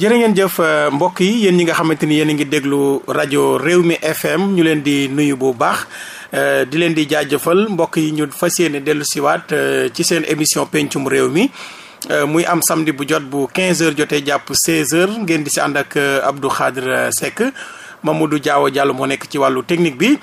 jërë ngeen jëf euh, mbokk yi yéen ñi nga xamante ni yéen a ngi déglu rajo réew mi FM ñu leen di nuyu bu baax euh, di leen di jaajëfal mbokk yi ñu fas yéene dellu siwaat euh, ci seen émission pencum réew mi muy am samdi bu jot bu 15 heures jotee jàpp 16 heures ngeen di si ànd ak Abdou Khadre Seck du Diaw Diallo moo nekk ci wàllu technique bi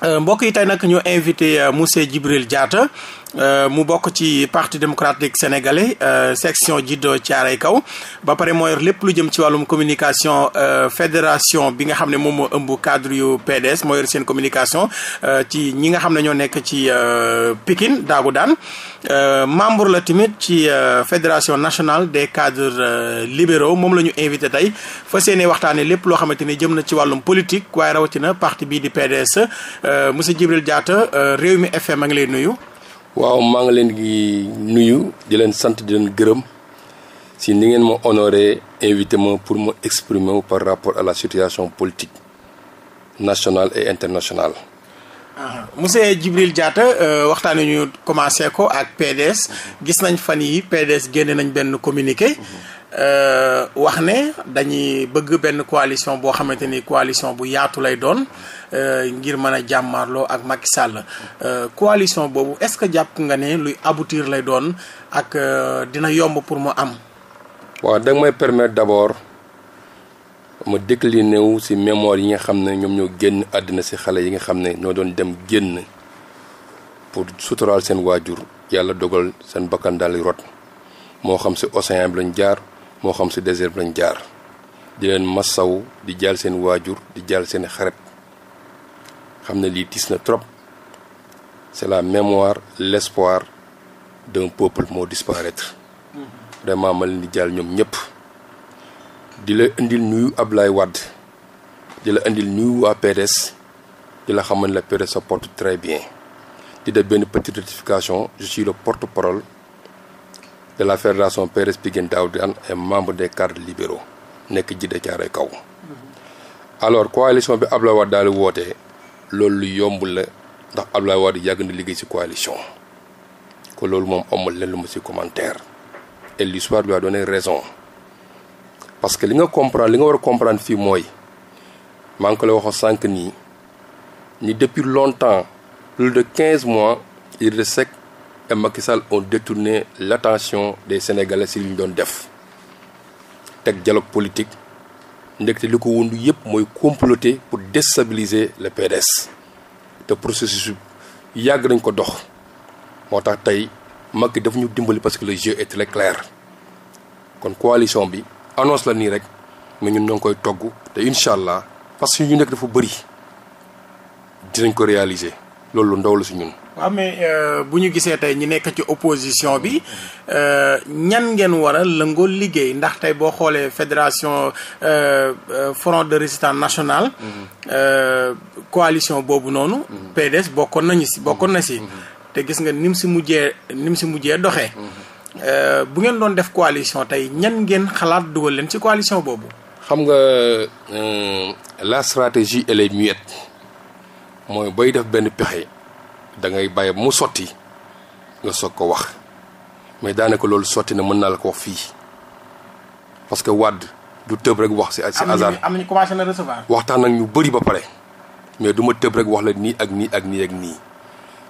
mbokk yi tey nag ñu invité monsieur Djibril jaata Euh, mu bokk ci parti démocratique sénégalais euh, section jiddo caaray kaw ba pare moo yor lépp lu jëm ci wàllum communication euh, fédération bi nga xam ne moom moo ëmb cadre yu PDS moo yor seen communication ci ñi nga xam ne ñoo nekk ci Pikine daagu daan membre la tamit ci fédération national des cadres libéro moom la ñu invité tey fa seene waxtaane lépp loo xamante ni jëm na ci wàllum politique waaye rawatina parti bii di PDS monsieur Djibril Diatta Rewmi FM a ngi lay nuyu waaw maa ngi leen di nuyu di leen sant di leen gërëm si ni ngeen ma honoré invité pour ma exprimer wu par rapport à la situation politique nationale et internationale. Ah, monsieur Djibril Diatta euh, waxtaan ñu commencé ko ak PDS mm-hmm. gis nañ fan yi PDS génne nañ benn communiqué. Mm-hmm. Euh, wax ne dañuy bëgg benn coalition boo xamante ni coalition bu yaatu lay doon euh, ngir mën a jàmmaarloo ak Macky Sall euh, coalition boobu est-ce que jàpp nga ne luy aboutir lay doon ak dina yomb pour mu am. waaw da nga may permettre d'abord ma décliné wu ci mémoire yi nga xam ne ñoom ñoo génn àddina ci xale yi nga xam ne ñoo doon dem génn pour suturaal seen waajur yàlla dogal seen bakkan daal di rot moo xam ci océan bi lañ jaar. moo xam si désert bi lañ jaar di leen massaw di jaal seen waajur di jaal seen xarit xam na lii tiis na trop c'est la mémoire l'espoir d'un peuple moo disparaître vraiment ma leen di jaal ñoom ñëpp di la indil nuyu Ablaye wàdd di la indil nuyu waa PDS di la xamal ne la PDS se très bien di def benn petite rectification je suis porte-parole de la fédération PRS Pikine Daoudiane est membre des cadres libéraux nekk jidde caaray kaw alors coalition bi Abdoulaye Wade daal di wootee loolu lu yomb la ndax Abdoulaye Wade yàgg na liggéey ci coalition ko loolu moom amul leen lu ma si commentaire et l'histoire lui a donné raison parce que li nga comprendre li nga war a comprendre fii mooy maa ngi ko la wax sànq nii ni depuis longtemps plus de quinze mois Idrissa Seck et Macky Sall ont détourné l'attention des Sénégalais si li ñu doon def teg dialogue politique ndekte li ko wundu yëpp mooy comploter pour déstabiliser le PDS te processus yàgg nañ ko dox moo tax tey Macky daf ñu dimbali parce que le jeu est très clair kon coalition bi annonce la nii rek mais ñun ñoo koy togg te incha allah parce que ñu nekk dafa bëri dinañ ko réaliser loolu lu la si ñun waaw mais euh, bu ñu gisee tey ñu nekk ci opposition bi euh, ñan ngeen war a lëngoo liggéey ndax tey boo xoolee fédération euh, front de résistance nationale. Mm-hmm. coalition boobu noonu. Mm-hmm. PDS bokkoon nañu si bokkoon na si. Mm-hmm. te gis nga ni mu si mujjee ni mu si mujjee doxee. bu ngeen doon def coalition tey ñan ngeen xalaat dugal leen ci coalition boobu. xam nga la stratégie elle est muette mooy booy def benn pexe. da ngay bàyyi mu sotti nga soog ko wax mais daanaka loolu sotti na mën naa la ko wax fii parce que wadd du tëb rek wax si si hasard am nañu commencé na recevoir. waxtaan ak ñu bëri ba pare mais du ma tëb rek wax la nii ak nii ak nii ak nii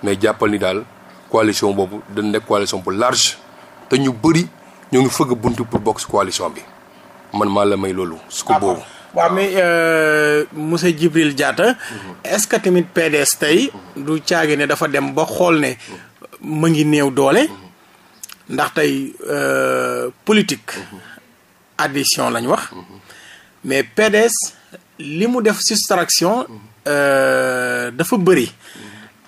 mais jàppal ni daal coalition boobu dana nekk coalition bu large te ñu bëri ñoo ngi fëgg buntu pour bokk si coalition bi man maa la may loolu. su ko boobu. waaw mais euh, monsieur Djibril jaata est-ce que tamit PDS tey du caagi ne dafa dem ba xool ne ma ngi néew doole ndax tey euh, politique addition lañ wax mais PDS li mu def soustraction euh, dafa bëri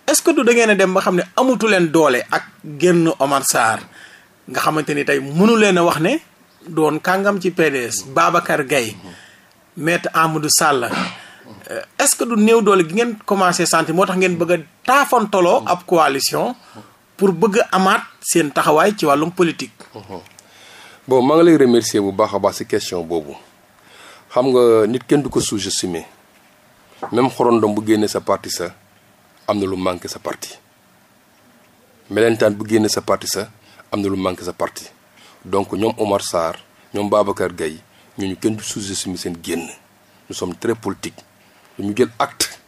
est-ce que du da ngeen a dem ba xam ne amatu leen doole ak génn Omar Sarr nga xamante ni tey mënu leen a wax ne doon kàngam ci PDS Babacar Gaye maître Amadou Sall euh, est-ce que du néew doole gi ngeen commencé santé moo tax ngeen bëgg a taafantaloo mm-hmm. ab coalition pour bëgg a amaat seen taxawaay ci wàllum politique. Mm-hmm. boo maa ngi lay remercier bu baax a baax si question boobu xam nga nit kenn du ko sous sime même xorondom bu génnee sa parti sa am na lu manqué sa parti melentaan bu génnee sa parti sa am na lu manqué sa parti donc ñoom Omar Sarr ñoom Babacar Gueye ñooñu kenn du sous-estimer seen génn nous sommes très politiques dañu jël acte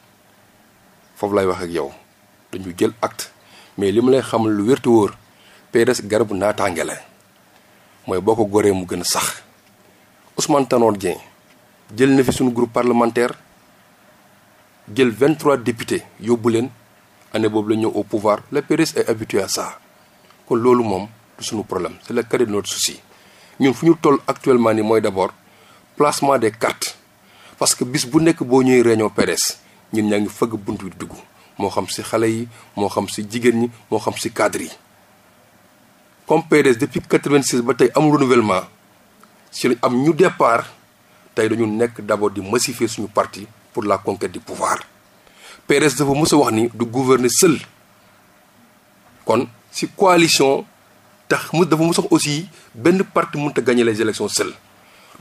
foofu lay wax ak yow dañu jël acte mais li ma lay xamal lu wértu wóor PDS garabu naataange la mooy boo ko goree mu gën a sax Ousmane Tanor Dieng jël na fi suñu groupe parlementaire jël vingt trois députés yóbbu leen année boobu la ñëw au pouvoir le PDS est habitué à kon loolu moom du suñu problème c'est le cadet de notre ñun fu ñu toll actuellement ni mooy d'abord placement des cartes parce que bis bu nekk boo ñuy réunion peres ñun ñaa ngi fëgg bunt bi dugg moo xam ci xale yi moo xam ci jigéen ñi moo xam ci cadre yi comme PDS depuis 86 ba tey amul renouvellement ci lañ am ñu départ tey dañu nekk d'abord di massifier suñu parti pour la conquête di pouvoir PDS dafa mës wax ni du gouverner seul kon ci coalition ndax mu dafa mu sax aussi benn parti mënut a gagner les élections seul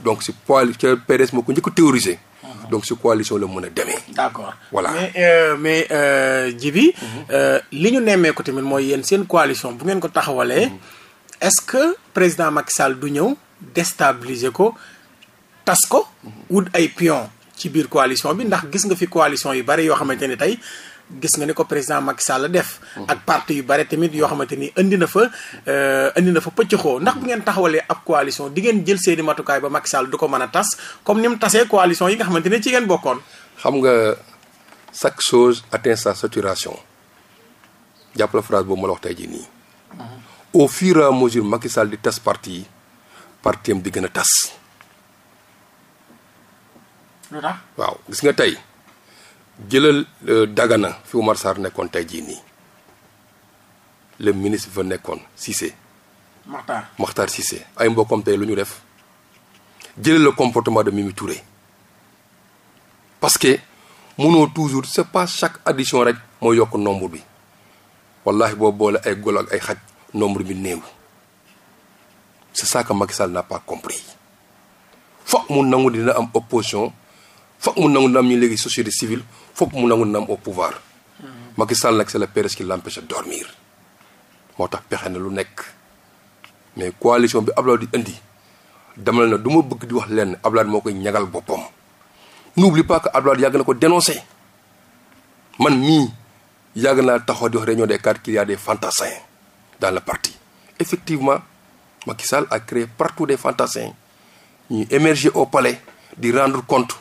donc si poil ca PDS moo ko njëkk a théoriser. donc si coalition la mun a demee. d'accord voilà mais euh, mais euh, Djibi. Mhm. Euh, li ñu nemmee ko tamit mooy yéen seen coalition bu ngeen ko taxawalee. Mhm. est-ce que président Macky Sall du ñëw déstabiliser ko tas ko. Mhm. wut ay pion ci biir coalition bi ndax gis nga fi coalition yu bari yoo xamante ne tey. gis nga ni ko président Macky la def. ak parti yu bare tamit yoo xamante ni indi na fa euh, indi na fa pëccëxoo ndax bu ngeen taxawalee ab coalition di ngeen jël seeni matukaay ba Macky Sall du ko mën a tas comme ni mu tasee coalition yi nga xamante ne ci ngeen bokkoon. xam nga chaque chose atteint sa saturation jàpp la phrase boobu ma la wax tey jii nii. Ah. au fur et à mesure Macky di tas parti yi parti am di gën a tas. lu waaw gis nga tey. jëlal euh, Dagana fi Umar Sarr nekkoon tey jii nii le ministre fa nekkoon Cissé. Makhtar Makhtar Cissé ay mbokkam tey lu ñu def jëlal la comportement de Mimi Touré parce que munoo toujours c'est pas chaque addition rek moo yokk nombre bi wallahi boo boole ay golo ak ay xaj nombre bi néew c'est ça que Macky Sall n'a pas compris foog mu nangu dina am opposition foog mu nangu dina am ñu léegi société civile foog mu nangu nam au pouvoir Macky Sall nag c'est la PDS qui l'empêche de dormir moo tax pexe na lu nekk mais coalition bi Abdoulaye di indi demal na du ma bëgg di wax lenn Abdoulaye moo koy ñagal boppam n'oublie pas que Abdoulaye yàgg na ko dénoncé man mii yàgg naa taxaw di wax réunion des cadres qu'il y a des dans le partie effectivement Macky Sall a créé partout des fantassins ñu émerger au palais di rendre compte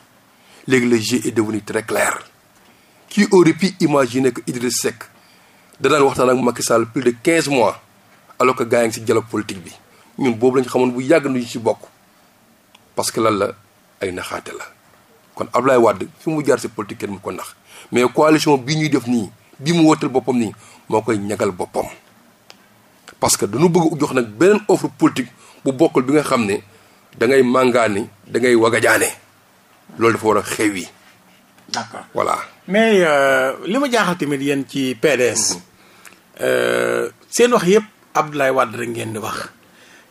léegi le jeu est devenu très clair qui aurait pu imaginer que Idriss Seck da daan waxtaan ak Macky Sall plus de quinze mois alors que gaa yi ngi si dialogue politique bi ñun boobu lañu xamoon bu yàgg nañu si bokk parce que lan la ay naxaate la kon Ablaye Wade fi mu jaar si politique kenn mu ko nax mais coalition bi ñuy def nii bi mu wóotal boppam nii moo koy ñagal boppam parce que nu bëgg jox nag beneen offre politique bu bokkul bi nga xam ne da ngay màngaani da ngay wagajaane loolu dafa war a xew yi voilà mais euh, li ma jaaxal tamit yéen ci PDS. Mhm. Euh, seen wax yëpp Abdoulaye Wade rek ngeen di wax.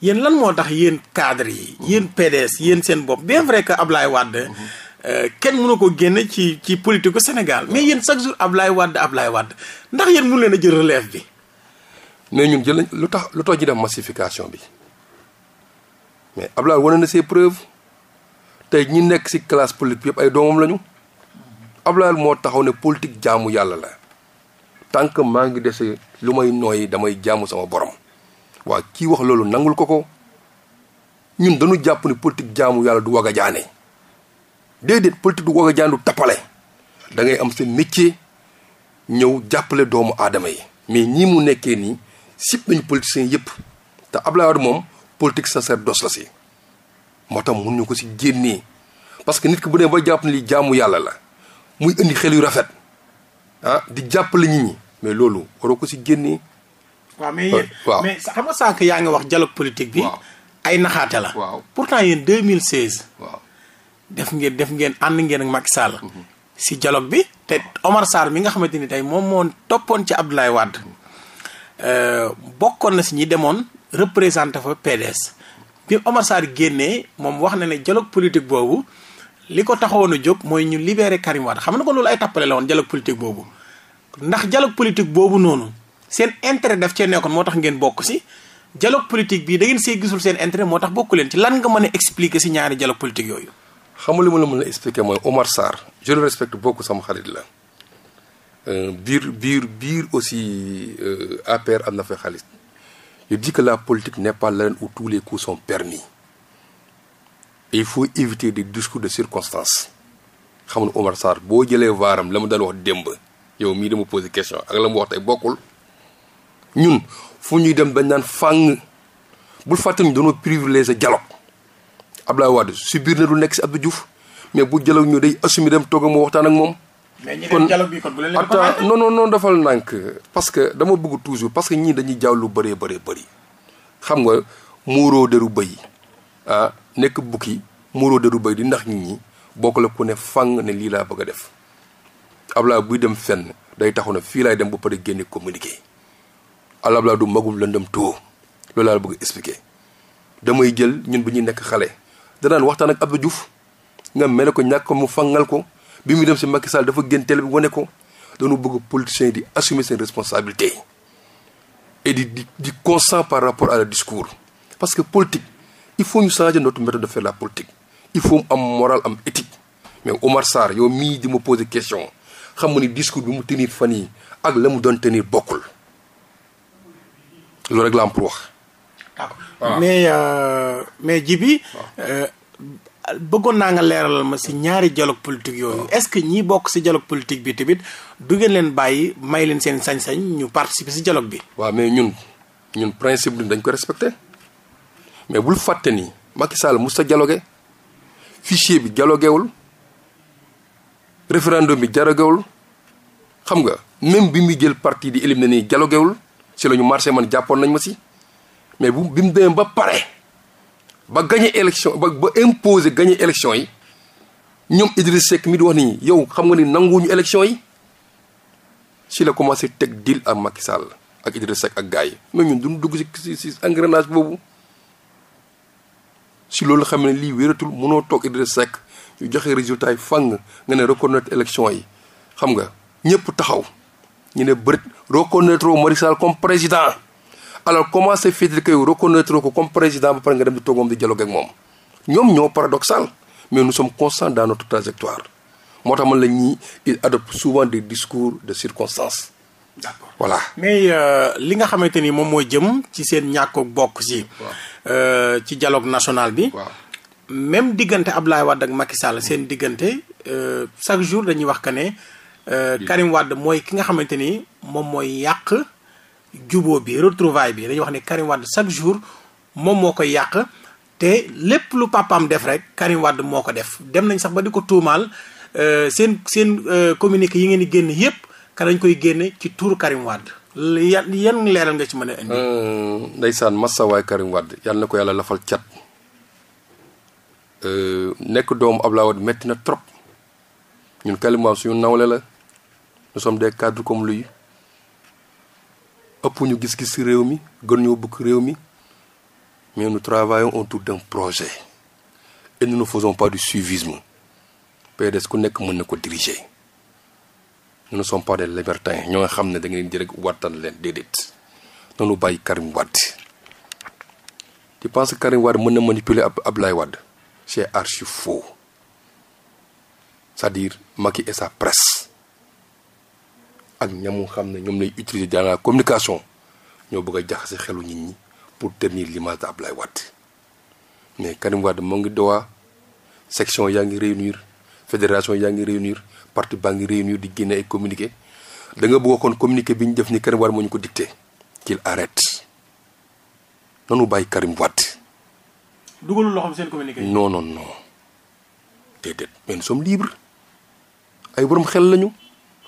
yéen lan moo tax yéen cadre yi. Mhm. yéen PDS yéen seen bopp bien vrai que Abdoulaye Wade. Mhm. Euh, kenn mënu ko génn ci ci politique gu Sénégal mais yéen chaque jour Abdoulaye Wade Abdoulaye Wade ndax yéen mënu leen a jël relève bi. mais ñun jël lu tax lu tax ñu dem massification bi mais Abdoulaye wane na ses preuves te ñi nekk ci classe politique yëpp ay doomam lañu. Abdoulaye moo taxaw ne politique jaamu yàlla la tant que maa ngi dese lu may nooyi damay jaamu sama borom waa kii wax loolu nangul ko ko ñun dañu jàpp ne politique jaamu yàlla du wag a jaane déedéet politique du wag a jaan du da ngay am sa métier ñëw jàppale doomu aadama yi mais ñii mu nekkee nii sip nañu politiciens yëpp te Abdoulaye Wade moom politique sacerdoce la si moo tax mënuñu ko si génnee parce que nit ki bu dee ba jàpp ne li jaamu yàlla la muy indi xel yu rafet ah di jàppale nit ñi mais loolu waroo ko si génnee. waaw mais euh, waaw mais xam nga sànq yaa ngi wax dialogue politique bi. ay naxaate la. waaw pourtant yéen 2016. waaw def ngeen def ngeen ànd ngeen ak Macky Sall. si mm-hmm. dialogue bi te Omar Sarr mi nga xamante ni tey moom moom toppoon ci Abdoulaye Wade euh, bokkoon na si ñi demoon représenté fa PDS bi Omar Sarr génnee moom wax na ne dialogue politique boobu. li ko taxawoon a jóg mooy ñu libere Karim xam na ko loolu ay tappale la woon dialogue politique boobu ndax dialogue politique boobu noonu seen intérêt daf cee nekkoon moo tax ngeen bokk si dialogue politique bii da ngeen see gisul seen intérêt moo tax bokku leen ci lan nga mën a expliquer si ñaari dialogue politique yooyu. xamul li ma la mën a expliquer mooy Omar Sarr je le respecte beaucoup sama xarit la euh, biir biir biir aussi euh, APR am na fa xaalis je dis la politique n'est pas l'arène où tous les coups Et il faut éviter des discours de circonstance xam nga Omar Sarr boo jëlee waaram la mu daan wax démb yow mii dama posé question ak la mu wax tey bokkul ñun fu ñuy dem bañ naan fàng bul fàtte ñu dañoo privilégié dialogue Abdoulaye Wade subir na lu nekk si Abdou Diouf mais bu dialogue ñu day assumer dem toog moo waxtaan ak moom. mais kon bu leen attends non non non dafal nànk parce que dama bëgg toujours parce que ñii dañuy jaaw lu bëree bëri bari xam nga muuroo deru bay ah nekk bukki muroo deru bay di ndax nit ñi bokk la ku ne fang ne lii laa bëgg a def Abdoulaye buy dem fenn day taxu ne fii laay dem ba pare génne communiqué al Abdoulaye du magum lëndëm too loolu laa bëgg expliquer damay jël ñun bu ñuy nekk xale danaan waxtaan ak Abdou Diouf nga mel ko ñàkk mu fangal ko bi muy dem si Macky Sall dafa génn télé bi wane ko danu bëgg politiciens yi di assumer seen responsabilité et di di di constant par rapport à le discours parce il faut ñu changer notre méthode de faire la politique il faut mu am moral am éthique mais Omar Sarr yow mii di ma poser question xam nga ni discours bi mu tenir fan yii ak la mu doon tenir bokkul loolu rek la am pour wax. mais euh, mais Djibi euh, bëggoon naa nga leeralal ma si ñaari dialogue politique yooyu est-ce que ñi bokk si dialogue politique bi tamit du ngeen leen bàyyi may leen seen sañ-sañ ñu participer si dialogue bi. waaw mais ñun ñun principe dañ ko respecté. mais bul fàtte ni Macky Sall mus sa dialogué fichier bi dialoguéwul référendum bi dialoguéwul xam nga même bi muy jël parti di na nii dialoguéwul ci lañu ñu marché man jàppoon nañ ma si mais bu bi mu demee ba pare ba gagné élection ba ba imposé gagné élection yi ñoom Idriss Seck mi di wax ni yow xam nga ni nanguwuñu élection yi si la commencé teg deal ak Macky Sall ak Idriss Seck ak gars yi mais ñun duñu dugg si si si engrenage boobu si loolu xam ne lii wératul mënoo toog Idrissa Seck ñu joxe résultat yi fang nga ne reconnaître élection yi xam nga ñëpp taxaw ñu ne bërit reconnaître Macky Sall comme président alors comment se fait-il ko comme président ba pare nga dem di toogoom di dialogue ak moom ñoom ñoo paradoxal mais nu sommes constants dans notre trajectoire moo tax man la ñuy il adopte souvent des discours de circonstance d'accord voilà mais euh, li nga xamante ni moom mooy jëm ci seen ñàkk bokk Euh, ci dialogue national bi. waaw même diggante Abdoulaye Wade ak Macky Sall seen diggante euh, chaque jour dañuy wax que ne. Euh, Karim wàdd mooy ki nga xamante ni moom mooy yàq jubóo bi retrouvaille bi dañuy wax ne Karim wàdd chaque jour moom moo koy yàq. te lépp lu papaam def rek Karim wàdd moo ko def dem nañ sax ba di ko tuumaal seen seen communiqué yi ngeen di génn yépp ka dañ koy génne ci tuuru Karim wàdd ya yan leeral nga ci mën ne indi. Hmm, ndeysaan massa waay Karim Wade yàlla na ko yàlla lafal cat euh, nekk doomu Abdoulaye Wade métti na trop ñun Kalima suñu nawle la nous sommes des cadres comme lui ëpp ñu gis-gis si réew mi gën ñoo bëgg réew mi mais nous travaillons autour d'un projet et nous ne faisons pas du suivisme PDS ku nekk mën na ko diriger. nous ne sommes pas des libertins ñoo nga xam ne da ngeen di rek wattan leen déedéet noonu bàyyi Karim Wade tu penses Karim Wade mën na manipuler ab Ablaye Wade c'est archi faux c'est-à-dire Macky et sa presse ak ñamu xam ne ñoom lay utiliser dans la communication ñoo bëgg a jax jaxase xelu nit ñi pour tenir l'image de Ablaye Wade mais Karim Wade moo ngi dowa section yaa ngi réunir fédération yaa ngi réunir parti baa ngi réunion di génne ay communiqué danga nga bëgg kon communiqué bi ñu def ni Karim Wade moo ñu ko dicté qu'il arrête nanu bàyyi Karim Wade. dugalul loxoom seen communiqué. non non non déedéet mais nous sommes libres ay borom xel lañu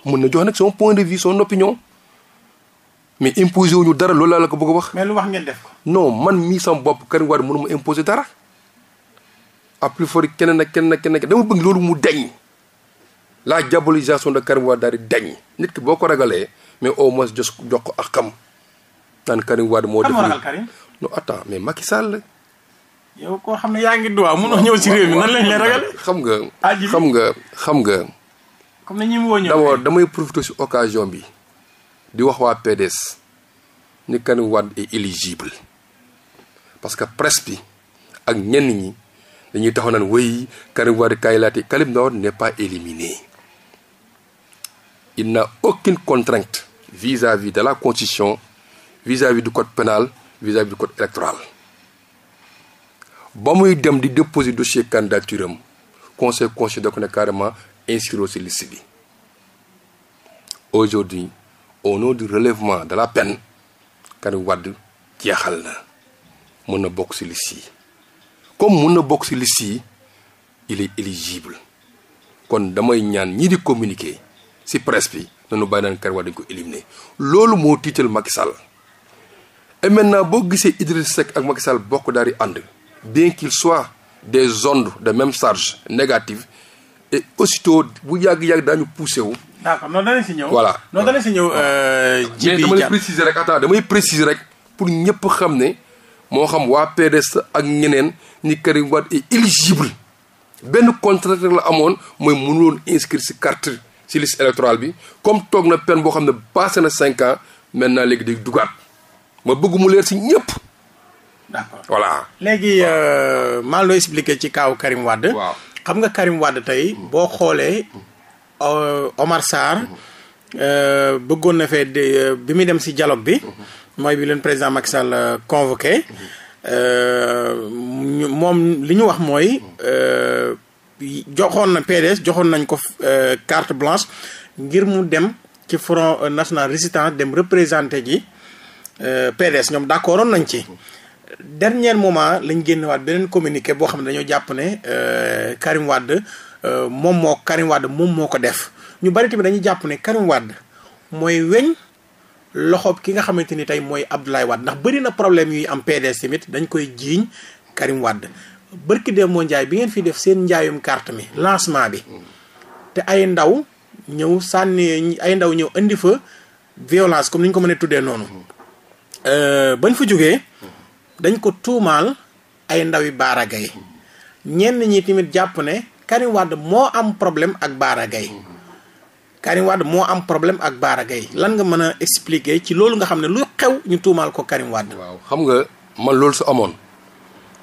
mën na jox nag son point de vue son opinion mais imposé wuñu dara loolu laa la ko bëgg a wax. mais lu wax ngeen def ko. non man mii sama bopp Karim Wade mënuma imposer dara à plus fort keneen ak keneen ak keneen dama bëgg loolu mu deñ la diabolisation de Karim Wade daal di dañ nit ki boo ko ragalee mais au moins jos jox ko ak xam naan Karim Wade moo. def non attends mais Macky Sall. yow koo xam ne yaa ngi duwaa munoo ñëw ci réew mi nan lañ lay xam nga xam nga xam nga. comme ni ñu woo ñëw damay profiter ci occasion bi di wax waa PDS ni Karim Wade éligible parce que presse bi ak ñenn ñi dañuy taxaw naan wéy Karim Wade kaay laati Karim Wade n'est pas éliminé. n'a aucune contrainte vis-à-vis de la constitution vis-à-vis -vis du code pénal vis-à-vis -vis code électoral ba muy dem di déposé dossier candidature am conseil constitutionnel da ko ne carrément inscrire ci liste bi aujourd'hui au nom du relèvement de la peine Karim Wade jeexal na mën na bokk ci liste yi comme mën na bokk ci liste yi il est éligible kon damay ñaan ñii di communiquer ci presse bi nañu bàyyi naan Karim dañ ko éliminer loolu moo tiital Macky Sall et maintenant boo gisee Idriss sec ak Macky Sall bokk daal di ànd bien qu'il soit des ondes de même charge négative et aussitôt bu yàgg-yàgg daañu poussé wu. d'accord noonu danañ si ñëw. voilà noonu danañ si ñëw. Euh, mais damay préciser rek attends damay préciser rek pour ñëpp xam ne moo xam waa ñeneen ni Karim benn contrainte la amoon mooy mënuloon inscrire si carte. ci liste bi comme toog na peine boo xam ne passé na cinq ans maintenant léegi di dugaat ma bëgg mu leer si ñëpp. d'accord voilà. léegi euh, maa ngi lay expliqué ci kaaw Karim wàdd waaw xam nga Karim Wade tey mm. boo xoolee mm. euh, Omar Sarr. Mm. Euh, bëggoon na fee bi muy dem si dialogue bi. Mm-hmm. mooy bi leen président Macky Sall convoqué. Mm-hmm. moom li ñu wax mooy. joxoon na PDS joxoon nañ ko euh, carte blanche ngir mu dem ci front national résistance dem représenté ji euh, PDS ñoom d'accordoon nañ ci dernier moment lañ génn waat beneen communiqué boo xam ne dañoo jàpp ne euh, Karim Wade moom moo Karim Wade moom moo ko def ñu bari tamit dañuy jàpp ne Karim Wade mooy weñ loxoob ki nga xamante ni tey mooy Abdoulaye Wade ndax bëri na problème yuy am PDS tamit dañ koy jiiñ Karim Wade barki dem moo njaay bi ngeen fi def seen njaayum carte mi lancement bi te ay ndaw ñëw sànni ay ndaw ñëw indi fa violence comme ni ñu ko mënee tuddee noonu euh, bañ fa jógee dañ ko tuumaal ay ndawi Baara Gaye ñenn ñi tamit jàpp ne Karim moo am problème ak Baara Gaye Karim moo am problème ak Baara Gaye lan nga mën a expliquer ci loolu nga xam ne lu xew ñu tuumaal ko Karim waaw xam nga man loolu su amoon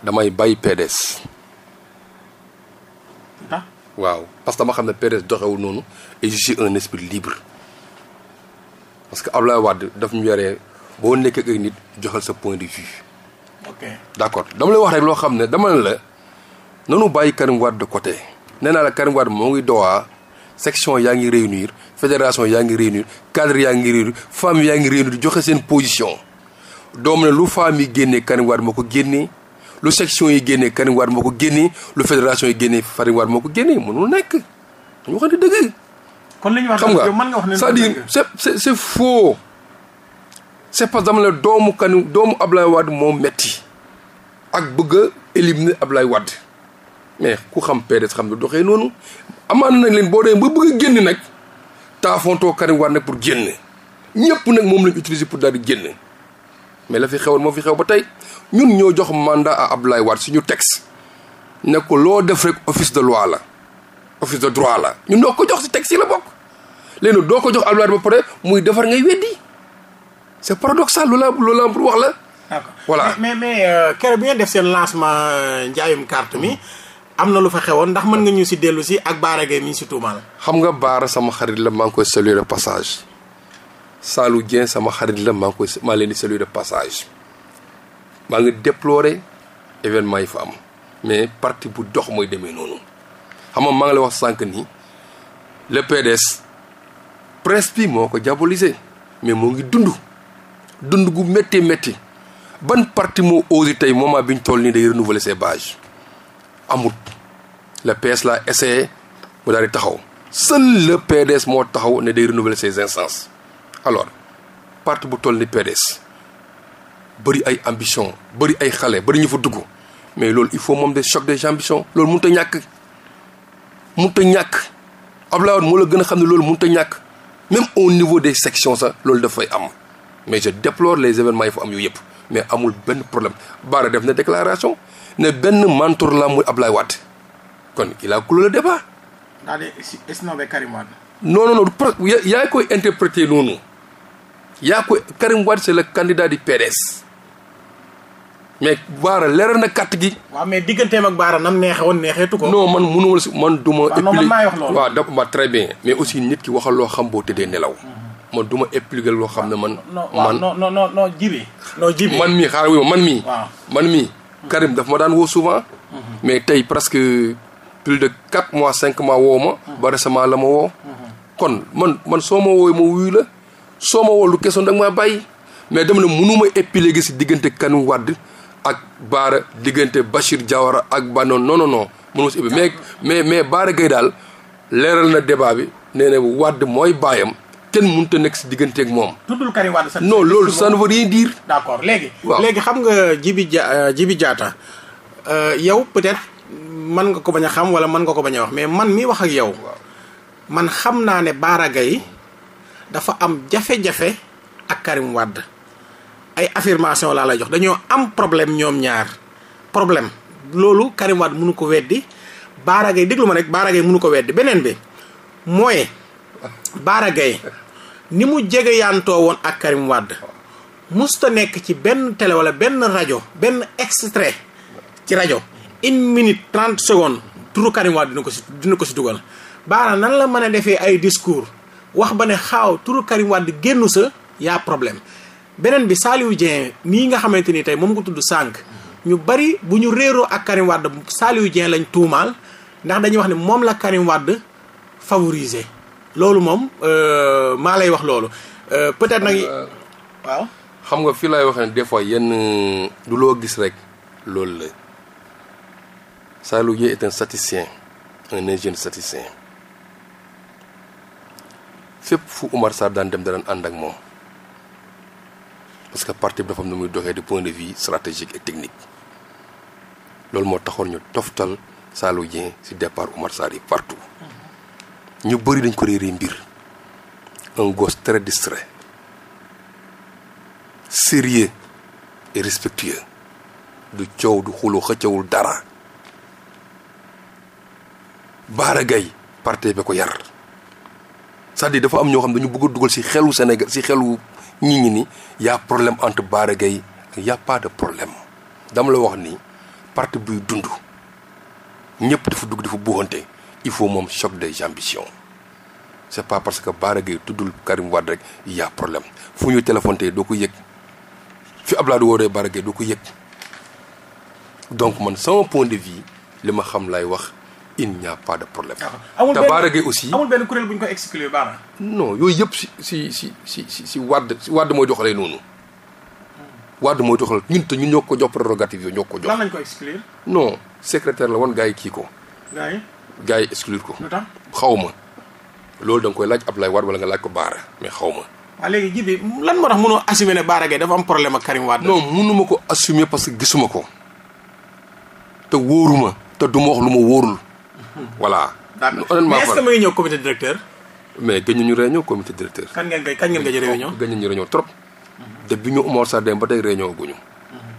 damay bàyyi PDS. ah. waaw parce que dama xam ne PDS doxewul noonu et je suis un esprit libre parce que Ablaye Wade daf ñu yoree boo nekkee ak nit joxal sa point de vue. ok d' accord dama lay wax rek loo xam ne demal ne la nanu bàyyi Karim Wade de côté nee naa la Karim moo ngi doxaa section yaa ngi réunir fédération yaa ngi réunir cadre yaa ngi réunir femme yaa ngi réunir joxe seen position doom ne lu femme yi génnee Karim moo ko génne lu section yi génnee Karim Wade moo ko génne lu fédération yi génnee Karim Wade moo ko génne mënul nekk dañu wax ne dëgg. kon li ñu wax yow mën nga wax ne c'est-à-dire c'est foo faux c'est parce que dama la doomu Karim doomu Ablaye Wade moo metti ak bëgg a éliminer Ablaye Wade mais ku xam PDS xam ne doxee noonu amaan nañ leen boo dee ba bëgg a génn nag taafontoo Karim Wade nag pour génn ñëpp nag moom lañ utiliser pour dal di génn mais la fi xewoon moo fi xew ba tey ñun ñoo jox mandat à Abdoulaye si ñu texte nekk loo def rek office de loi la office de droit la ñun ñoo ko jox si texte yi la bokk léegi doo ko jox Abdoulaye ba pare muy defar ngay weddi c'est paradoxal loola loola pour wax la. d'accord voilà mais mais euh, keroog bi ngeen def seen lancement euh, njaayum carte mi mm-hmm. am na lu fa xewoon ndax mën nga ñu si dellu si ak Baara Gueye mi si tuumaal. xam nga Baara sama xarit la maa ngi koy saluer de passage Salou Dieng sama xarit la maa koy maa leen di saluer de passage. maa ngi déplorer événement yi fa am mais parti bu dox mooy demee noonu xam maa ngi lay wax sànq nii le PDS presse bi moo ko diabolisé mais moo ngi dund dund gu métti métti ban parti moo osé tey moment bi ñu toll nii day renouveler ses bases amut le PS la essayé mu daal di taxaw seul le PDS moo taxaw ne day renouveler ses instances alors parti bu toll ni PDS bëri ay ambition bëri ay xale bëri ñu fa dugg mais loolu il faut moom des choc des ambitions loolu mënut a ñàkk mënut a ñàkk Abdoulaye Wade moo la gën a xam ne loolu mënut a ñàkk même au niveau des section sax loolu dafay am mais je déplore les événements yi fa am yu yëpp mais amul benn problème Bara def na déclaration ne benn mentor la muy ab Abdoulaye Wade kon il a clos le débat. daal di snobé Karim Wade. non non non yaa koy interprété noonu yaa koy Karim Wade c'est le candidat du PDS. mais baara leeral na carte gi. waaw mais digganteem ak baara nam neexewoon neexeetu ko. noo man mënuwul si man du ma. waaw non man maay wax loolu waaw d'accord très mais aussi nit ki waxal loo xam boo tëddee nelaw. man du ma expliquer loo xam ne man. man non non non non jibi. non jibi man mii xaaral wu man mii. man mii. Karim daf ma daan woo souvent. Mhm. mais tey presque plus de quatre mois cinq mois woo ma. Mhm. ba récemment la ma woo. kon man man soo ma wooyee ma wuyu la soo ma woo kesoon da maa bàyyi mais dama ne mënu ma épiloguer si diggante Karim Wade. ak Baara diggante Bachir Diawara ak Bannon noonu non non mënuma si ubbi mais mais Baara Gueye daal leeral na débat bi nee na Wade mooy baayam kenn mënut a nekk si diggante ak moom. tuddul Karim Wade sa non loolu ça ne veut rien dire. léegi. waaw léegi xam nga Djibi Dia euh, Djibi Diatta euh, yow peut-être mën nga ko bañ a xam wala mën nga ko bañ a wax mais man mi wax ak yow. man xam naa ne Baara Gueye dafa am jafe-jafe ak Karim Wade. ay affirmation laa lay jox dañoo am problème ñoom ñaar problème loolu Karim Wade mënu ko weddi Baara Gaye déglu ma rek Baara Gaye mënu ko weddi beneen bi mooy Baara Gaye ni mu jege yaantoo woon ak Karim Wade musta nekk ci benn télé wala benn rajo benn extre ci rajo une minute trente secondes turu Karim dina ko si dina ko si dugal Baara nan la mën a defee ay discours wax ba ne xaw turu Karim Wade génnu sa yaa problème beneen bi Saliou Dieng mii nga xamante ni tey moom nga tudd sànq ñu bari bu ñu réeroo ak Karim Wade Saliou Dieng lañ tuumaal ndax dañuy wax ne moom la Karim Wade favoriser loolu moom euh, maa lay wax loolu euh, peut-être nag euh, waaw xam nga fii lay waxee ne des fois yenn du loo gis rek loolu la Saliou Dieng est un statisticien un ingénieur statisticien fépp fu Oumar Sarr daan dem daan ànd ak moom parce que partie bi dafa am na muy doxee du point de vue stratégique et technique loolu moo taxoon ñu toftal Saliou Dieng ci départ Oumar Sarr yi partout ñu bëri dañ ko réeree mbir un gosse très distrait sérieux et respectueux du coow du xuloo xëccawul dara Baara Gaye parti bi ko yar cest dafa am ñoo xam ne dañu bëgg dugal ci xelu Sénégal ci xelu ñi ñi ni y' a problème entre Bara Gaye y' a pas problème dama la wax ni partie buy dund ñëpp dafa dugg dafa buuxante il faut moom choc des ambitions c' pas parce que Bara Gaye tuddul Karim Wade rek y' a problème fu ñu téléphone tey doo ko yëg fi Abdoulaye wooree Bara Gaye doo ko yëg donc man sama point de vue li ma xam laay wax. il n'y a pas de problème. Ah, amul benn Tabaara aussi amul benn kuréel bu ñu ko exclure baax no yooyu yëpp si si si si si si wàdd si wàdd mooy doxalee noonu. Hmm. wàdd mooy doxal ñun te ñun ko jox prérogative yooyu ñoo ko jox. lan lañ ko la woon gars yi kii ko. gars yi gars yi ko. lu xaw ma. loolu da nga koy laaj Abdoulaye Wade wala nga laaj ko Baara mais xaw ma. waaw léegi ji lan ma tax mënoo assume ne Baara Gueye dafa am problème ak Karim Wade. non mënuma ko assume parce que gisuma ko te wóoruma te du ma wax lu ma wóorul. voilà. honnêtement mais est-ce que may ñëw comité directeur. mais gëj nañu réunion comité directeur. kan ngeen koy kañ ngeen gëj réunion. gëj nañu réunion trop. te bi ñu Omar Sarr dem ba tey réunion guñu.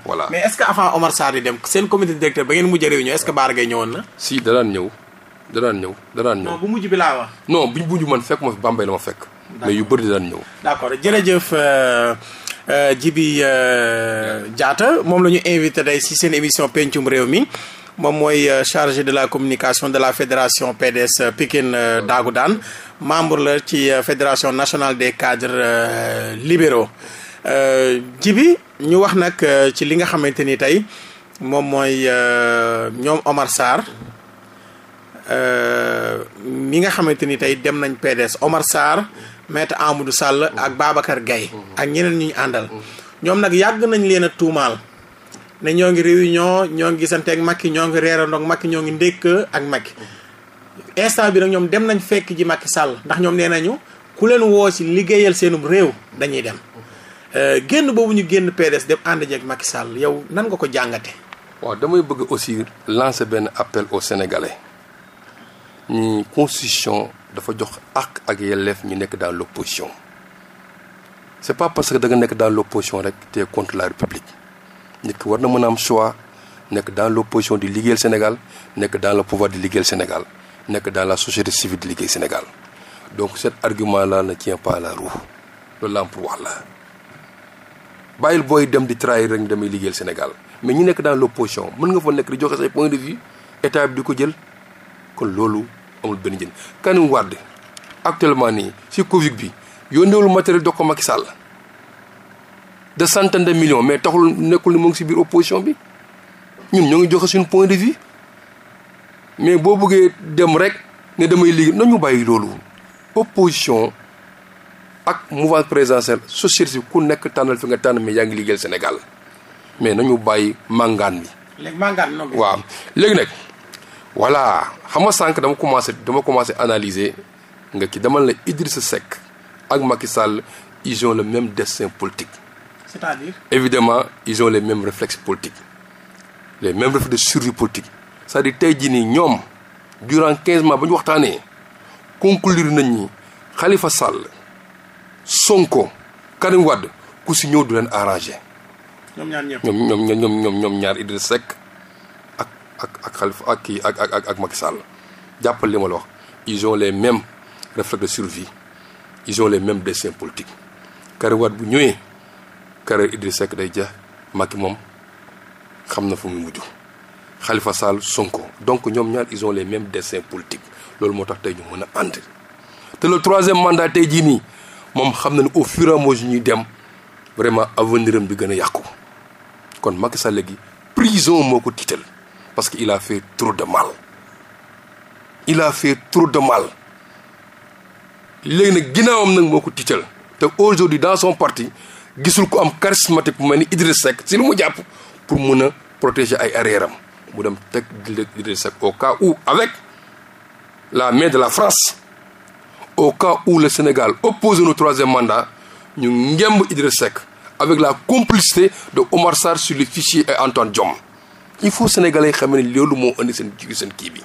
voilà mais est-ce que avant Omar Sarr di dem seen comité directeur ba ngeen mujj réunion est-ce Baara Gueye ñëwoon na. si danaan ñëw danaan ñëw danaan ñëw. non bu mujj bi laa wax. non bu ñu man fekk ma fi Bambey la ma fekk. mais yu bëri daan ñëw. d'accord jërëjëf. Euh, euh, Djiby jaata euh, moom la ñu invité tey ci seen émission pencum réew mi moom mooy euh, chargé de la communication de la fédération PDS euh, Pikine euh, Daagu Daan membre la ci fédération national des cadres libéro jibi ñu wax nag ci li nga xamante ni tey moom mooy ñoom Omar Sarr mi nga xamante ni tey dem nañ PDS Omar Sarr maître Amadou Sall ak Babacar Gaye ak ñeneen ñu ñu àndal mm-hmm. ñoom nag yàgg nañ leen a tuumaal ne ñoo ngi réunion ñoo ngi gisante ak Macky ñoo ngi reerandoo ak Macky ñoo ngi ndékk ak Macky instant bi nag ñoom dem nañ fekk ji Macky sàll ndax ñoom nee nañu ku leen woo ci liggéeyal seenum réew dañuy dem euh, génn boobu ñu génn PDS dem ànd jeeg Macky sàll yow nan nga ko jàngate waaw damay bëgg aussi lancer benn appel aux Sénégalais ñi constitution dafa jox ak ak yelleef ñu nekk dans l'opposition c'est pas parce que da nga nekk dans l'opposition rek te contre la nit ki war na mën am choix nekk dans l'opposition di liggéeyal Sénégal nekk dans le pouvoir di liggéeyal Sénégal nekk dans la société civile di liggéey Sénégal donc cet argument là ne ci pas la route loolu la am pour wax la bàyyil booy dem di trahir rek damay liggéeyal Sénégal mais ñi nekk dans l'opposition mën nga fa nekk di joxe say point de vue état bi di ko jël kon loolu amul benn njëriñ Karim Wade actuellement nii si Covid bi yónneewul matériel dox ko Macky Sall de centaines de million mais taxul nekkul ni mu ngi si biir opposition bi ñun ñoo ngi joxe suñu point de vie mais boo bëggee dem rek ne damay liggéey nañu bàyyi loolu opposition ak mouvement présidentiel société bi ku nekk tànnal fi nga tànn mais yaa ngi liggéeyal Sénégal mais nañu bàyyi màngaan bi. léegi màngaan non waaw léegi nag voilà xam nga sànq dama commencé dama commencé analyser nga ki dama la Idrissa Seck ak Macky Sall ils le même destin politique. c'est-à-dire évidemment ils ont les mêmes réflexes politiques les mêmes réflexes de survie politique c'est-à-dire tey jii nii ñoom durant quinze mois ba ñu waxtaanee conclure nañ xalifa Khalifa Sall Sonko Karim Wade ku si ñëw du leen arrangé. ñoom ñaar ñëpp ñoom ñoom ñoom ñoom ñoom ñaar Idriss Seck ak ak ak Khalifa ak kii ak ak ak Sall jàppal li ma la wax ils ont les mêmes réflexes de survie ils ont les mêmes desseins politiques Karim bu ñëwee. carrière Idriss Seck day jeex Macky moom xam na fu mu mujj Khalifa Sall Sonko donc ñoom ñaar ils ont les mêmes desseins politiques loolu moo tax tey ñu mën a ànd te le troisième mandat tey jii nii moom xam na ne au fur et ñuy dem vraiment avenir am bi gën a yàqu kon Macky Sall léegi prison moo ko tiital parce que il a fait trop de mal il a fait trop de mal léegi nag ginnaawam nag moo ko tiital te aujourd'hui dans son parti gisul ko am charismatique bu mel ni Idriss Seck si lu mu jàpp pour mun a protéger ay arrière am mu dem teg Idriss Seck au cas où avec la mais de la France au cas où Sénégal oppose au troisième mandat ñu ngemb Idriss Seck avec la complicité de Omar Sarr sur le fichier et Antoine Diome il faut sénégalais yi xam ne loolu moo indi seen kii seen kii bi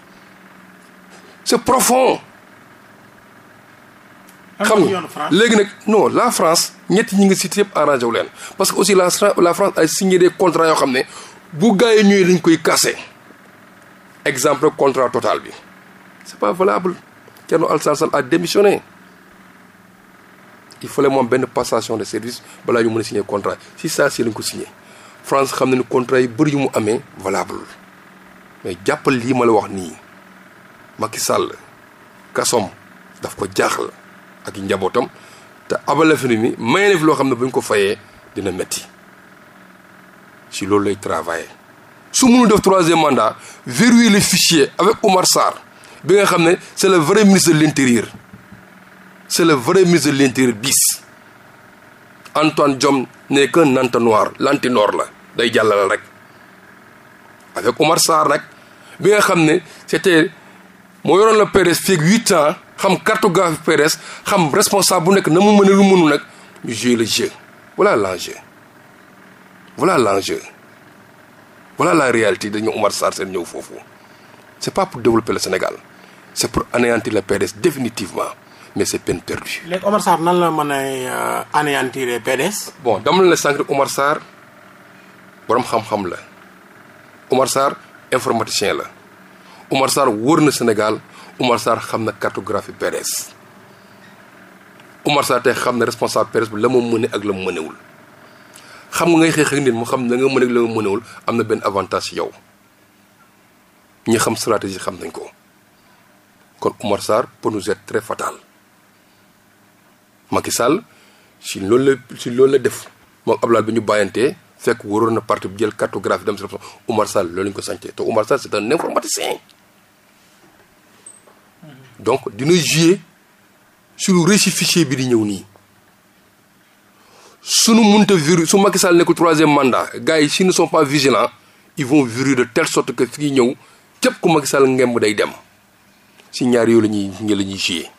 c'est profond xam nga léegi nag non la France ñetti ñi nga cité yëpp arrangé wu leen parce que aussi la la France ay signé des contrats yoo xam ne bu gars ñuy ñëwee dañ koy casser exemple contrat total bi c'est pas valable Thierno al Sall a démissionné il fallait moom benn passation de service balaa ñu mën a signer contrat si saa si lañ ko signé France xam na ni contrat yi bëri ñu mu amee valable mais jàppal lii ma la wax nii Macky Sall kasom daf ko jaaxal. ak njabootam te abalafiri mi may na fi loo xam ne bu ñu ko fayee dina metti si loolu lay travailler su mënu def troisième mandat verrouiller le fichier avec Omar Sarr bi nga xam ne c'est le vrai ministre de l'intérieur c'est le vrai ministre de l'intérieur bis Antoine Diome n'est qu'un entonnoir l'antinoor la day jàllale rek avec Omar Sarr rek bi nga xam ne c'était moo yoroon la PDS fii ak huit ans xam cartographie PDS xam responsable bu nekk na mu mën a lu mënu nag ñu jouer le jeu voilà l'enjeu voilà l'enjeu voilà la réalité dañu Omar Sarr seen ñëw foofu c'est pas pour développer le Sénégal c'est pour anéantir le PDS définitivement mais c'est peine perdue. léegi Omar Sarr nan la mën a euh, anéantir le bon dama la sànq rek Omar Sarr borom xam-xam la Omar Sarr informaticien la Omar Sarr wër na Sénégal. Umar Sarr xam na cartographie PDS Umar Sarr tey xam na responsable PDS bi la mu mëne ak la mu mënewul xam nga ngay xeex ak nit mu xam la nga mën ak la nga mënewul am na benn avantage yow ñu xam stratégie xam nañ ko kon Umar Sarr peut nous être très fatal Macky Sall si loolu la si loolu la def moom Abdoulaye bi ñu bàyyantee fekk waroon na parti bu jël cartographie dem si Umar Sall loolu ñu ko sante te Umar Sarr c'est un informaticien donc dina jouer su lu ficier bi di ñëw nii suñu munta vir su Macky Sall nekkul troisième mandat gars yi s'ils ne sont pas vigilants ils vont virer de telle sorte que fii ñëw képp ku Macky Sall ngemb day dem si ñaari yooyu la ñuy ñi la ñuy jouer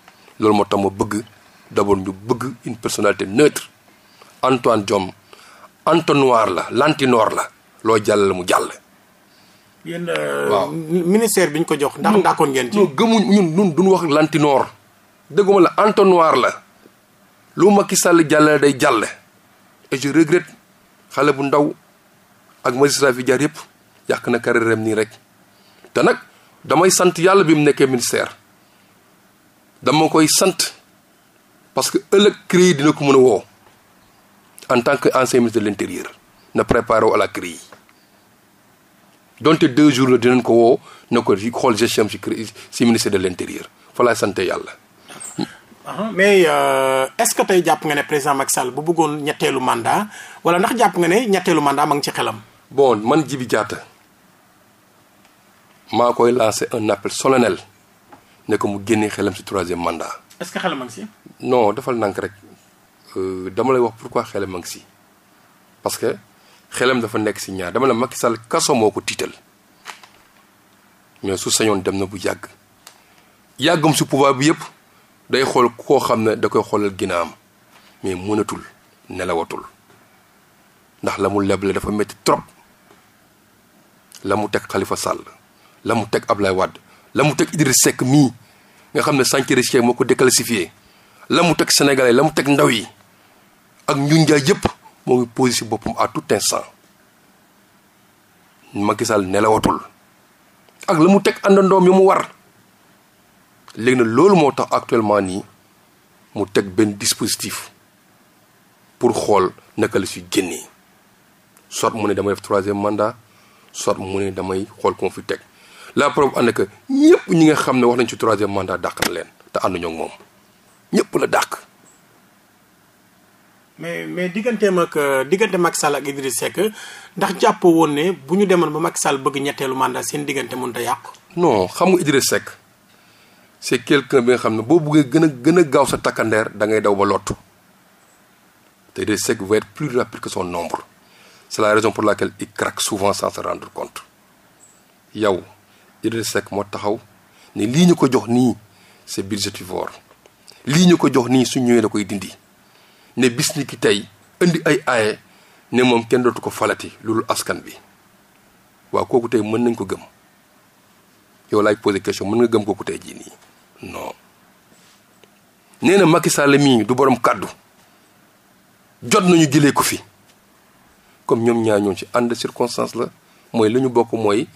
loolu moo tax ma bëgg d'abord ñu bëgg une personnalité neutre Antoine Diome entonnoir la lantinoor la loo jàll mu jàll yéen euh, waaw ministère bi ñu ko jox ndax kon ngeen ci. ñun gëmuñ ñun ñun duñ wax lantinoor. dégguma la entonnoir la. lu Macky Sall jàllale day jàll. et je xale bu ndaw ak magistrat fi jaar yëpp yàq na carrière nii rek te nag damay sant yàlla bi mu nekkee ministère dama koy sant parce que ëllëg yi dina ko mën a woo en tant que ancien ministre de l'intérieur na préparé wu à la CREI. donte deux jours la dinañ ko woo na ko ci xool gestion ci ci ministère de l' intérieur fa laay sant yàlla. Ah, mais euh, est-ce que tey jàpp nga ne président Macky bu bëggoon ñetteelu mandat wala ndax jàpp nga ne ñetteelu mandat ma ngi ci xelam. bon man Djibi Diatta maa koy lancé un appel solennel ne ko mu génnee xelam ci troisième mandat. est-ce que xelam a ngi ci. non defal nank rek euh, dama lay wax pourquoi xelam a ngi ci parce que. xelam dafa nekk si ñaar dama la Macky Sall kaso moo ko tiital mais su sañoon dem na bu yàgg yàggam si pouvoir bi yëpp day xool koo xam ne da koy xoolal ginnaawam mais mënatul nelawatul ndax la mu leble dafa métti trop la mu teg xalifa Sall la mu teg Ablaye wàdd la mu teg Idriss Seck mii nga xam ne Sankharé Cheikh moo ko déclassifié la mu teg sénégalais la mu teg ndaw yi ak ñun jaay yëpp moo ngi posé si boppam à tout instant Macky Sall nelawatul ak la mu teg àndandoom yi mu war léegi nag loolu moo tax actuellement nii mu teg benn dispositif pour xool naka la si génnee soit mu ne damay def troisième mandat soit mu ne damay xool ko fi teg la preuve ànd que ñëpp ñi nga xam ne wax nañ ci troisième mandat dàq na leen te ànduñoo ak moom ñëpp la dàq. mais mais digganteem ak diggante Macky Sall ak Idriss Seck ndax jàppoo woon ne bu ñu demoon ba mag Sall bëgg ñetteelu mandat seen diggante mënut a yàqu. non xam nga Idriss Seck c'est quelqu'un bi nga xam ne boo buggee gën a gën a gaaw sa takkandeer da ngay daw ba lottu te Idriss Seck va être plus rapide que son nombre c'est la raison pour la laquelle il craque souvent sans se rendre compte yow Idriss Seck moo taxaw ne lii ñu ko jox nii c'est budgétivore lii ñu ko jox nii su ñëwee la koy dindi. ne bis ni tey indi ay aaye ne moom kenn dootu ko falati loolu askan bi waaw kooku tey mën nañ ko gëm yow laay posé question mën nga gëm kooku tey jii nii non nee na Macky Sall mii du borom kàddu jot nañu jëlee ko fi comme ñoom ñaar ñoom ci ànd circonstance la mooy li ñu bokk mooy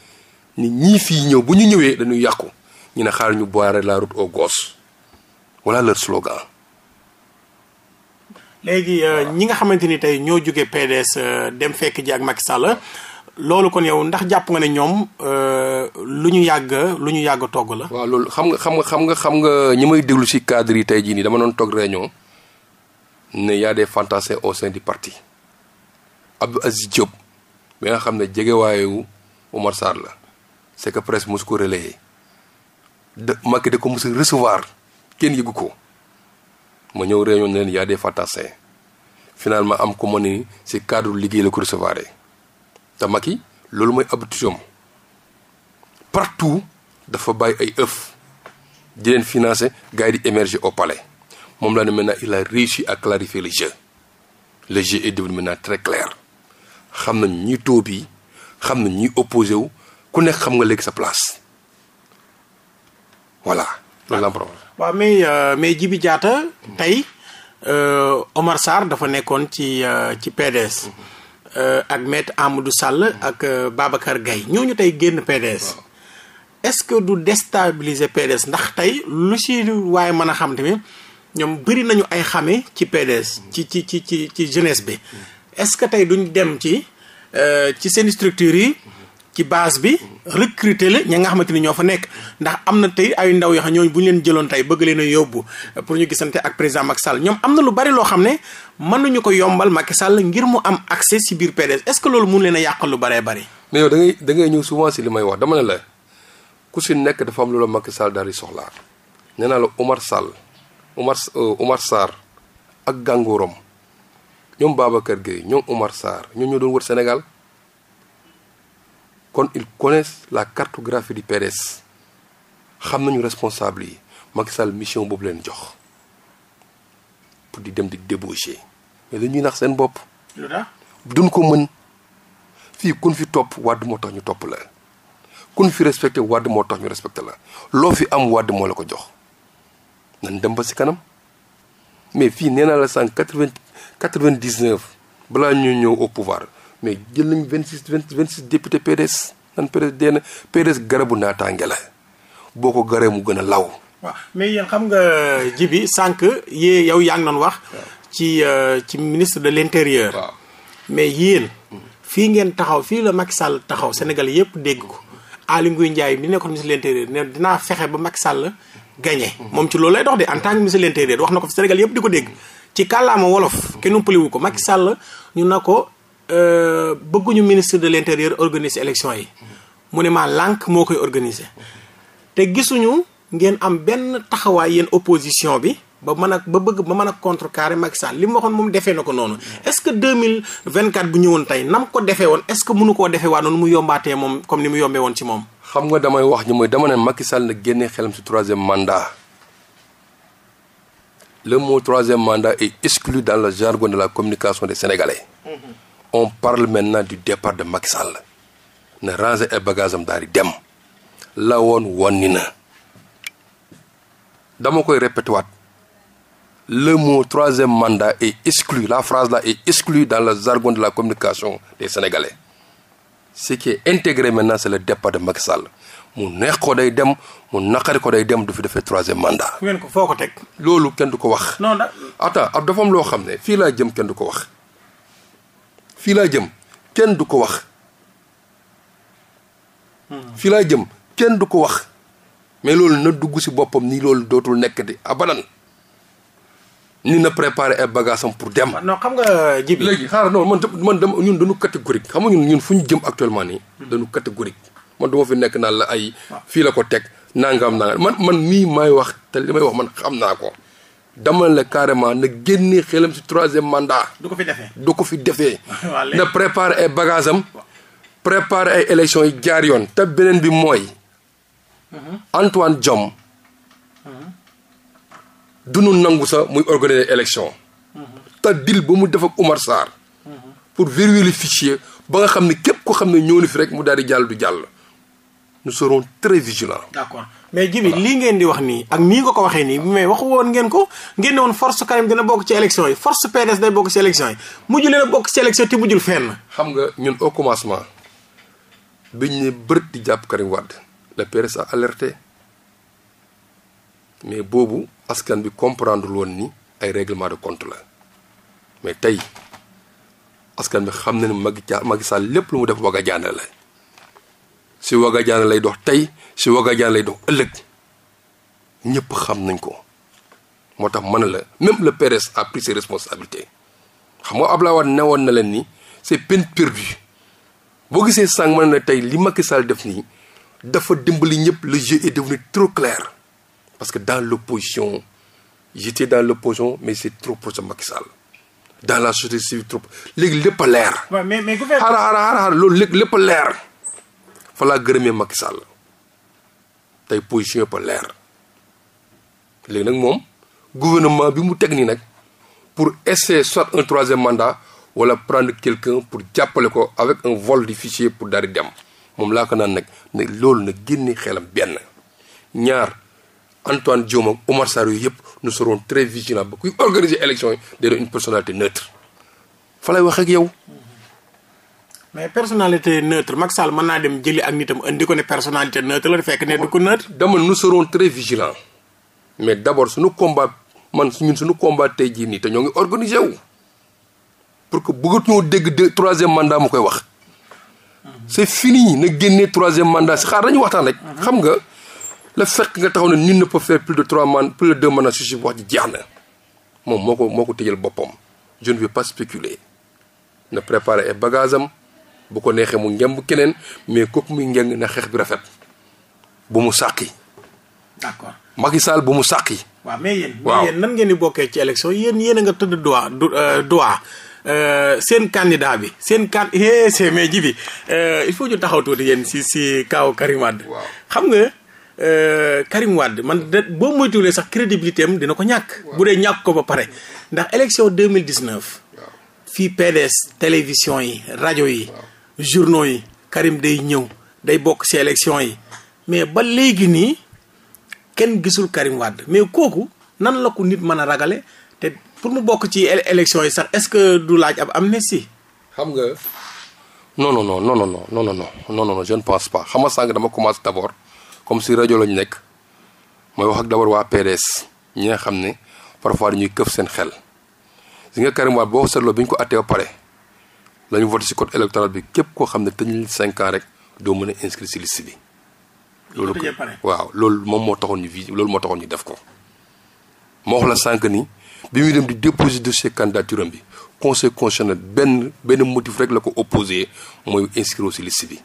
ni ñii fii ñëw bu ñu ñëwee dañuy yàqu ñu ne xaar ñu boire la route aux gosses voilà leur slogan léegi euh, ñi nga xamante ni tey ñoo jóge PDS euh, dem fekk ji ak Macky Sall loolu kon yow ndax jàpp nga ne ñoom euh, lu ñu yàgg lu ñu yàgg togg la. waaw loolu xam nga xam nga xam nga xam nga ñi may déglu ci cadre yi tey jii nii dama doon toog réunion ne y a des fantassins au sein du parti Abdou Aziz Diop bi nga xam ne jegewaayu Oumar Sarr la c'est que presse mosu ko relayé de Macky da ko mos a recevoir kenn yëgu ko. ma ñëw réunion ne leen y a des fantassins finalement am ko ma ni si cadre liggéey la ko recevoir te Macky loolu mooy habitude partout dafa bàyyi ay œuf di leen financer gars yi di émerger au moom laa ne maintenant il a réussi ak clarifier le jeu le jeu est devenu très clair xam nañ ñi tóob yi xam nañ ñi opposé wu ku nekk xam nga léegi sa place voilà loolu la waaw mais euh, mais Djibi Diatta tey euh, Omar Sarr dafa nekkoon ci euh, ci PDS ak maître du Sall ak Babacar Gaye ñooñu tey génn PDS est-ce que du déstabiliser PDS ndax tey lu si waaye mën a xam tamit ñoom bëri nañu ay xame ci PDS ci ci ci ci ci jeunesse bi est-ce que tey duñ dem ci ci seen structures yi ci base bi recruter la ña nga xamante ni ñoo fa nekk ndax am na tey ay ndaw yoo xam bu ñu leen jëloon tey bëgg leen a yóbbu euh, pour ñu gisante ak président Macky Sall ñoom am na lu bari loo xam ne mën nañu ko yombal Macky Sall ngir mu am accès si biir PDS est-ce que loolu mun leen a lu baree bari. mais yow da ñëw souvent si li may wax dama ne la ku si nekk dafa am lu la Macky Sall daal di soxlaa nee naa la Omar Sall Omar euh, Omar Sarr ak gàngooram ñoom kër Gueye ñoom Omar Sarr ñoo ñoo doon wër Sénégal. kon ils connaissent la cartographie du PDS xam nañu responsable yi Macky Sall mission boobu leen jox pour di dem di débaucher mais dañuy nax seen bopp. duñ ko mën fii kun fi topp wàdd moo tax ñu topp la kun fi respecté wàdd moo tax ñu respecté la loo fi am wàdd moo la ko jox nan dem ba si kanam mais fii nee naa la sànq quatre-vingt balaa ñu ñëw au pouvoir. mais jël nañ vingt six vingt six député PDS nan PDS dee na PDS garabu naataange la boo ko garee mu gën a law. mais yéen xam nga ji bi sànq yee yow yaa ngi noonu wax. ci euh, ci ministre de l' intérieur. waaw mais yéen. fii ngeen taxaw fii la Macky Sall taxaw senegal yëpp dégg ko Aly Ngouille Ndiaye mi nekkoon ministre de l' ne dinaa fexe ba Macky Sall gagné. moom ci loolu lay dox de en tant que ministre de l' intérieur wax na ko fi Sénégal yëpp di ko dégg ci kàllaama wolof. ko Macky Sall ñu na ko. Euh, bëgguñu ministre de l' intérieur organiser élection yi mu ne ma lànk moo koy organiser te gisuñu ngeen am benn taxawaay yéen opposition bi ba mën a ba bëgg ba mën a contrecarrer Macky Sall li mu waxoon moom defee na ko noonu est-ce que 2024 bu ñëwoon tey nam ko defee woon est-ce que mënu koo defee waa noonu mu yombaatee moom comme ni mu yombee woon ci moom. xam nga damay wax ñu mooy dama ne Macky Sall na génnee xelam ci troisième mandat le mot troisième mandat est exclu dans le jargon de la communication des Sénégalais. Mm-hmm. on parle maintenant du départ de Macky Sall na ranger ay bagages am daal di dem la woon wonni na dama koy répété waat le mot troisième mandat ay exclu la phrase la ay exclue dans le jargon de la communication des Sénégalais ce qui est intégré maintenant c'est le départ de Macky mu neex ko day dem mu naqari ko day dem du fi defee troisième mandat. loolu kenn du ko wax. non da. attends loo xam ne fii laa jëm kenn du ko wax. fii laa jëm kenn du ko wax fii laa jëm kenn du ko wax mais loolu na dugg si boppam nii loolu dootul nekk nekkati abadan ni na préparé ay bagages pour dem. Ah, non xam nga jibi léegi xaaral non man man dama ñun dañu catégorique xam nga ñun ñun fu ñu jëm actuellement nii. Hmm. danu catégorique man du fi nekk naan la ay. Ah. fii la ko teg nangam nangam man man mii maay wax te li may wax man xam naa ko. dama la carrément na génne xelam si troisième mandat. du ko fi defee du ko fi defee. na prépare ay bagages am. prépare ay élections yi jaar yoon. te beneen bi mooy. Mhm. Antoine Diome. Mhm. du nu nangu sax muy organiser élection. Mhm. te dil ba mu def ak Oumar pour verrouiller le fichier ba nga xam ne képp ko xam ne ñoo ni fi rek mu daal di jàll du jàll. nous serons très vigilants. mais jibi lii ngeen di wax nii ak nii nga ko waxee nii mais waxu woon ngeen ko ngeen ne woon force Karim dina bokk ci élection yi force PDS day bokk ci élection yi mujj leen a bokk ci élection te mujjul fenn. xam nga ñun au commencement biñ ne bërët di jàpp Karim wàdd le PDS a alerte mais boobu askan bi comprendre lu ni ay règlement de compte la mais tey askan bi xam na ne Macky Sall lépp lu mu def a jaane la. si Wagadiane lay dox tey si Wagadiane lay dox ëllëg ñëpp xam nañ ko moo tax mën la même le PRS a pris ses responsabilités xam nga Abdoulaye Wade newoon na leen ni c'est peine perdue boo gisee sànq mën na tey li Macky Sall def nii dafa dimbali ñëpp le jeu est devenu trop clair parce que dans l'opposition j'étais dans l'opposition mais c'est trop proche de Macky Sall dans la société civile trop léegi lépp leer. waaw mais mais loolu lépp leer. fa laa gërëmee Macky Sall tey position yëpp a leer léegi nag moom gouvernement bi mu teg nii nag pour essayer soit un troisième mandat wala prendre quelqu'un pour jàppale ko avec un vol di fichier pour daal di dem moom laa ko naan nag ne loolu nag génne xelam benn ñaar Antoine Diome ak Omar Sarr yooyu yëpp nous serons très vigilants ba kuy organiser élection yi day doon une personnalité neutre fa lay wax ak mais personnalité neutre Macky Sall mën naa dem jëli ak nitam indi ko ne personnalité neutre la fekk ne du ko neutre. dama nous serons très vigilants mais d'abord suñu combat man ñun suñu combat tey jii nii te ñoo ngi organisé wu pour que bëggatuñoo dégg de troisième mandat mu koy wax c'est fini na génnee troisième mandat si xaar dañu waxtaan rek. xam nga la fekk nga taxaw ne ñun ne peut faire plus de trois mandats plus de deux mandats su si wax ji jeex na moom moo ko moo ko tëjal boppam je ne veux pas na préparer ay am bu ko neexee mu ngemb keneen mais kooku muy ngeng na xeex bi rafet bu mu sàqi d'accord Macky Sall bu mu sàqi waaw mais yéen mais yéen nan ngeen ni bokkee ci élection yéen yéen a nga tëdd droit euh, droit euh, seen candidat bi seen can eh, c'est mais ji bi euh, il faut ñu taxaw tuuti yéen si si kaaw Karim Wade xam nga Karim Wade man de boo moytuwulee sax crédibilité am dina ko ñàkk bu dee ñàkk ko ba pare ndax élection 2019 fii PDS télévision yi rajo yi journaux yi Karim day ñëw day bokk ci élection yi mais ba léegi nii kenn gisul Karim Wade mais kooku nan la ko nit mën a ragale te pour mu bokk ci élection yi sax est-ce que du laaj ab amnistie xam nga non non non non non non non non non non je ne pense pas xam nga sànq dama commencé d'abord comme si rajo lañu nekk mooy wax ak d'abord waa PDS ñi nga xam ne parfois dañuy këf seen xel si nga Karim Wade boo seetloo bi ñu ko attee ba pare lañu voté ci code électoral bi képp koo xam ne tëñul cinq ans rek doo mën a inscrit ci liste bi. loolu waaw loolu moom moo taxoon ñu vi loolu moo taxoon ñu def ko. moo wax la sànq ni bi muy dem di déposer dossier candidature am bi conseil constitutionnel benn benn motif rek la ko opposé mooy inscrire ci liste bi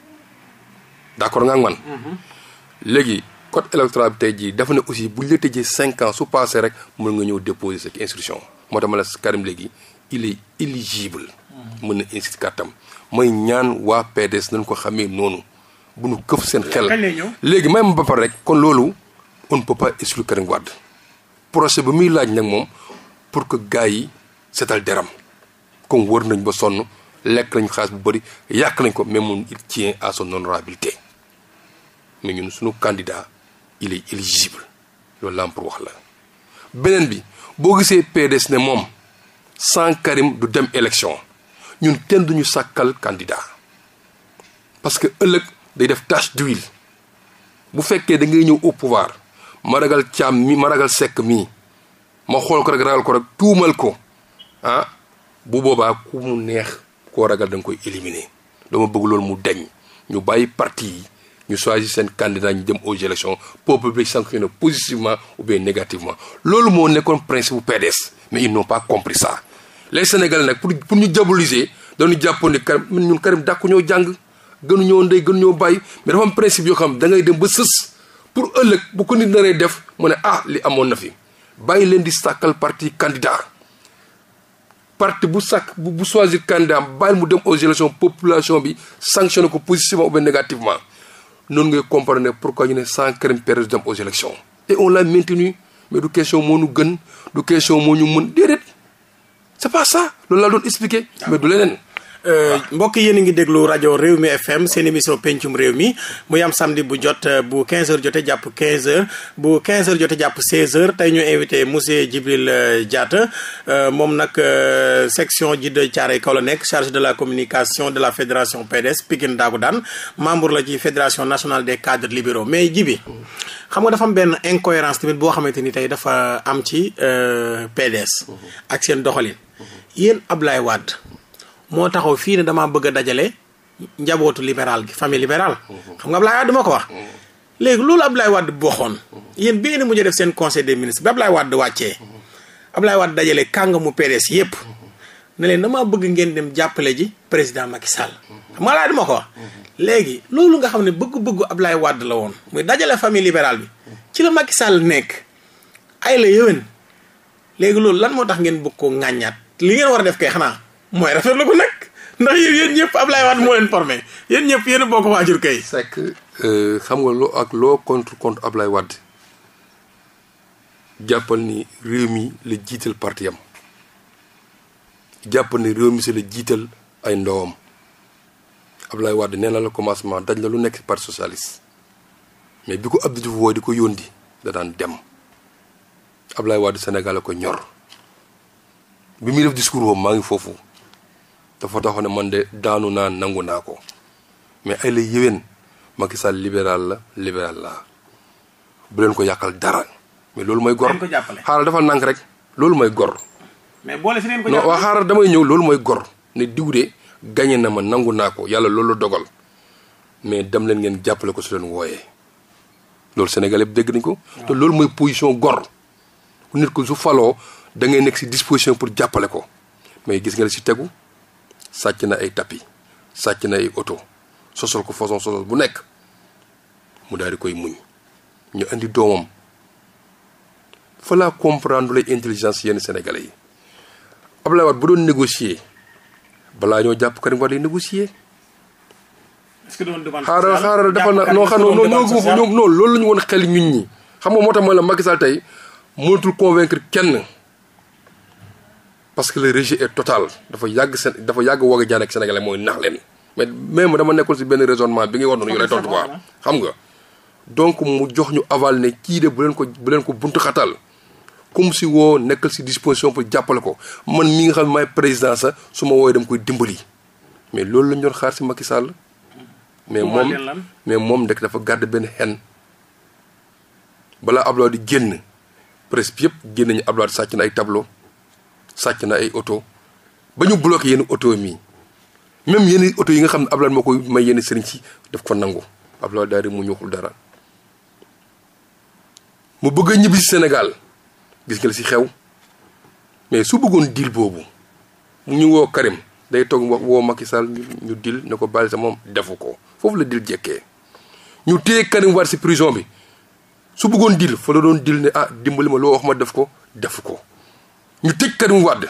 d'accord nga ak man. Mhm. léegi code électoral bi tey jii dafa ne aussi bu ñu la tëjee cinq ans su passé rek mën nga ñëw déposer sa inscription moo tax ma la Karim léegi il est mën na insi kàttam mooy ñaan waa PDS nañ ko xamee noonu bu nu këf seen xel léegi may ma ba pare rek kon loolu on popa peut pas exclure Karim Wade procès ba muy laaj nag moom pour que gars yi setal deram comme wër nañ ba sonn lekk nañ xaalis bu bëri yàq nañ ko mais moom il tient à son honorabilité mais ñun suñu candidat il est éligible loolu laa pour wax la beneen bi boo gisee PDS ne moom sans Karim du dem élection ñun kenn duñu sàkkal candidat parce que ëllëg day def tache d'huile bu fekkee da ngay ñëw au pouvoir ma ragal caam mi ma ragal sekk mii ma xool ko rek ragal ko rek tuumal ko ah bu boobaa ku mu neex koo ragal da nga koy éliminer dama bëgg loolu mu deñ ñu bàyyi parti yi ñu choisir seen candidat ñu jëm aux élections peuple bi sanctionné positivement ou bien négativement loolu moo nekkoon principe bu PDS mais ils n'ont pas compris ça les sénégalais nag pour pour ñu diaboliser dañu jàppoon ni Karim ñun Karim dàkku ñoo jàng gënuñoo ndey gënuñoo bàyyi mais dafa am principe yoo xam da ngay dem ba sës pour ëllëg bu ko nit naree def mu ne ah li amoon na fi bàyyi leen di sàkkal parti candidat parti bu sàkk bu bu choisir candidat bàyyi mu dem aux élections population bi sanctionné ko positivement ou bien négativement noonu ngay comprendre pourquoi ñu ne sans Karim Pérez dem aux élections et on l'a maintenu mais du moo ñu gën du question ñu mën déedéet c'est pas ça loolu laa doon expliquer mais du leneen Euh, mbokk yéen a ngi déglu rajo réew mi FM seen émission pencum réew mi mu am samedi bu jot euh, bu 15h jotee jàpp 15h bu 15h jotee jàpp 16h tey ñu invité monsieur Djibril euh, Diatta moom nag section ji de Thiaroye Kaw la nekk chargé de la communication de la fédération PDS Pikine Dagu Daan membre la ci fédération nationale des cadres libéraux mais Djibi xam nga dafa am benn incohérence tamit boo xamante ni tey dafa am ci PDS. ak seen doxalin moo taxaw fii ne damaa bëgg a dajale njabootu libéral bi famille libérale xam nga Abdoulaye Wade moo ko wax léegi loolu Abdoulaye Wade bu waxoon yéen bi ngeen mujj def seen conseil des ministres bi Abdoulaye Wade wàccee Abdoulaye Wade dajale kàngamu PDS yépp ne leen damaa bëgg ngeen dem jàppale ji président Macky Sall xam nga ko wax léegi loolu nga xam ne bëgg bëgg ab Abdoulaye wàdd la woon muy dajale famille libérale bi ci la Macky Sall nekk ay la yéwén léegi loolu lan moo tax ngeen bëgg koo ŋàññaat li ngeen war a def kay xanaa mooy rafetlu ko nag ndax yéen ñëpp Ablaye Wade moo leen formé yéen ñëpp yéen a bokk waajur kay. c'est que euh, xam nga loo ak loo contre contre Ablaye Wade jàppal ni réew mi la jiital parti am jàppal ni réew mi si la jiital ay ndawam lay Wade nee na la commencement dañ la lu nekk parti socialiste mais bi ko Abdou Diouf woo di ko yóndi di daan dem Ablaye Wade Sénégal la ko ñor bi muy def discours boobu maa ngi foofu. dafa taxaw ne man de daanu naa nangu naa ko mais ay la yéwén Macky Sall libéral la libéral laa bu leen ko yàqal dara mais loolu mooy gor xaaral dafa nànk rek loolu mooy gor mais boole si ko non waaw damay ñëw loolu mooy gor ne diw de gañe na ma nangu naa ko yàlla loolu la dogal mais dem leen ngeen jàppale ko su leen wooyee loolu Sénégalais dëgg nañ ko te loolu mooy position gor nit ko su faloo da ngay nekk si disposition pour jàppale ko mais gis nga la si tegu sàcc na ay tapis sàcc na ay oto sosol ko façon sosol bu nekk mu daal di koy muñ ñu indi doomam fa laa comprendre lay intelligence yenn sénégalais yi Abdoulaye Wade bu doon négocier balaa ñoo jàpp Karim Wade lay négocier. est-ce que doon xaaral xaaral dafa na non xam non non loolu la ñu woon xel ñun ñi xam moo tax mooy la Macky Sall tey mënatul convaincre kenn. parce que le rejet est total dafa yàgg seen dafa yàgg woog a jaan ak sénégalais mooy nax leen mais même dama nekkul si benn raisonnement bi nga wax noonu yow lay tontu quoi xam nga donc mu jox ñu aval ne kii de bu leen ko bu leen ko buntu xatal comme si woo nekkal si disposition pour jàppale ko man mi nga xam ne maay président sax su ma wooyee dama koy dimbali mais loolu lañ doon xaar si Macky sàll mais moom mais moom ndek dafa gàdd benn xen balaa Abdoulaye di génn presse bi yëpp génn nañu Abdoulaye sàcc na ay tableau sàcc na ay oto ba ñu bloqué yenn oto mii même yenn oto yi nga xam ne ab Abdoulaye ma koy may yenn sëriñ si def ko nangu Abdoulaye daal mu ñuxul dara mu bëgg a ñibbi si Sénégal gis nga la si xew mais su bëggoon dil boobu mu ñu woo Karim day toog woo Macky Sall ñu dil ne ko bàyyi sa moom defu ko foofu la dil jekkee ñu téye Karim war si prison bi su bëggoon dil fa la doon dil ne ah dimbali ma loo wax ma def ko def ko ñu tëj Karim Wade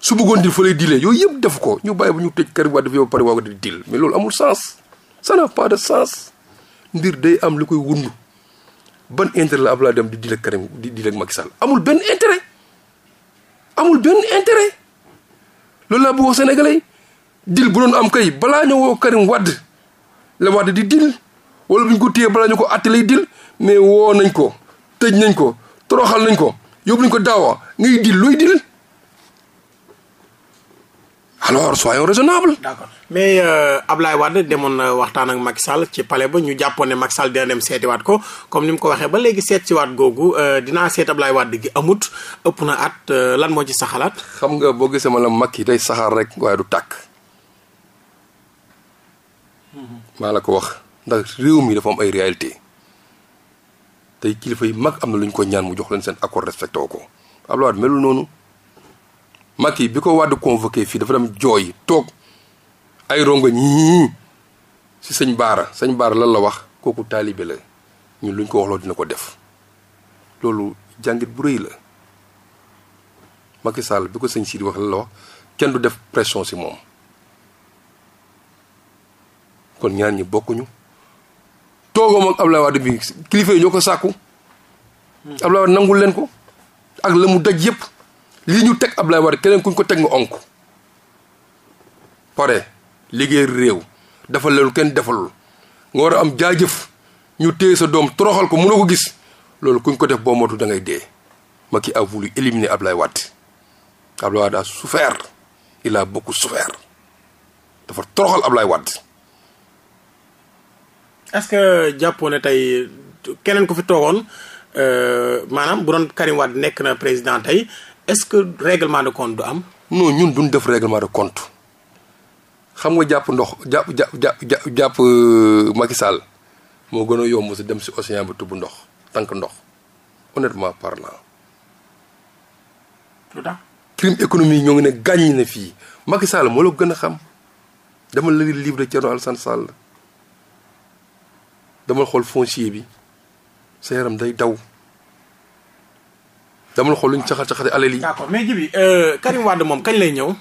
su bëggoon dil fa lay dilee yooyu yëpp def ko ñu bàyyi ba ñu tëj Karim Wade fi yow pare waaw di dil mais loolu amul sens ça pas de sens mbir day am lu koy wund ban intérêt la Abdoulaye Deme di dil ak Karim di dil amul benn intérêt amul benn intérêt loolu laa bëgg wax sénégalais bu doon am kay balaa ñu woo Karim Wade la Wade di dil wala bu ñu ko téyee balaa ñu ko àtte lay dil mais woo nañ ko tëj nañ ko toroxal nañ ko yóbbu ñu ko daawa ngay dil looy dil alors soyons raisonnables. d'accord mais euh, Ablaye Wade demoon na waxtaan ak Macky Sall ci pale ba ñu jàppoon ne Macky Sall dina dem seetiwaat ko comme ni mu ko waxee ba léegi seet si waat googu euh, dinaa seet Ablaye Wade gi amut ëpp na at euh, lan moo ci saxalaat. xam nga boo gisee ma la Macky day saxaar rek waaye du tàkk. Mhm. maa la ko wax ndax réew mi dafa am ay réalité tey kilifa yi mag am na lu ñu ko ñaan mu jox leen seen accord respecté woo ko Abdoulaye Wade melul noonu mag yi bi ko Wade convoqué fii dafa dem jooy toog ay rongo ñii si sëñ Baara sëñ Baara lan la wax kooku taalibe la ñun lu ñu ko waxloo dina ko def loolu jàngit bu rëy la Macky Sall bi ko sëñ Sidi wax lan la wax kenn du def pression si moom kon ñaan ñi bokkuñu toogoom ak Abdoulaye Wade bi kilifa ñoo ko sàkku. Abdoulaye Wade nangul leen ko. ak la mu daj yëpp lii ñu teg Abdoulaye Wade keneen kuñ ko teg nga onk pare liggéey réew dafa leen kenn defalul nga war a am jaajëf ñu téye sa doom toroxal ko mënoo ko gis loolu kuñ ko def boo motu dangay ngay dee. Macky a voulu éliminer Abdoulaye Wade Abdoulaye Wade a souffert il a beaucoup souffert dafa toroxal Abdoulaye Wade. est-ce que jàppoo ne tey keneen ku fi toogoon euh, maanaam bu doon Karim Wade nekk na président tey est-ce que réglement de compte du am. non ñun duñ def règlement de compte xam nga jàpp ndox jàpp jàpp jàpp jàpp euh, Macky Sall moo gën a yomb si dem si océan bi tubb ndox tànk ndox honnêtement parlant. lu tax crime économie ñoo ngi ne gàññ ne fii Macky Sall moo la gën a xam dama la livre de Thierno Alassane Sall. dama xool foncier bi sa yaram day daw damal xool lu ñu caxat caxate alal yi. d'accord mais Djibi euh, Karim moom kañ lay ñëw.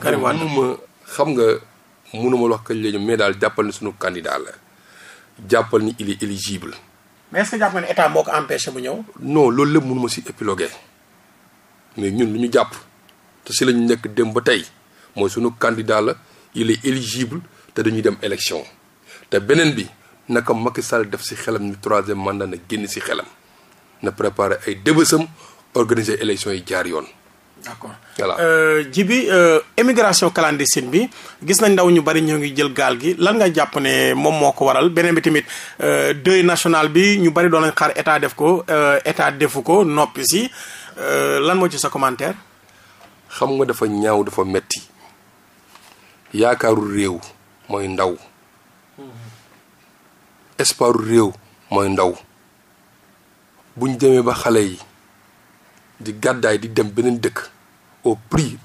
Karim Wade ma xam nga mënu ma wax kañ lay ñëw mais daal jàppal ni sunu candidat la jàppal ni il est éligible. mais est-ce que jàpp nga ne état moo ko empêché bu ñëw. non loolu lépp mënu ma si épiloguer mais ñun lu ñu jàpp te si lañu nekk dem ba tey mooy sunu candidat la il est éligible te dañuy dem élection te beneen bi. naka Macky Sall def ci xelam ni troisième mandat na génn ci xelam na préparer ay débésam organiser élection yi jaar yoon. d'accord voilà euh, Djibi euh, émigration clandestine bi gis nañ ndaw ñu bari ñoo ngi jël gaal gi lan nga jàpp ne moom moo ko waral beneen bi tamit euh, deuil national bi ñu bari doon nañ xaar état def ko état defu ko noppi si lan moo ci sa commentaire. xam nga dafa ñaaw dafa metti yaakaaru réew mooy ndaw. espoiru réew mooy ndaw bu ñu demee ba xale yi di gàddaay di dem beneen dëkk au prix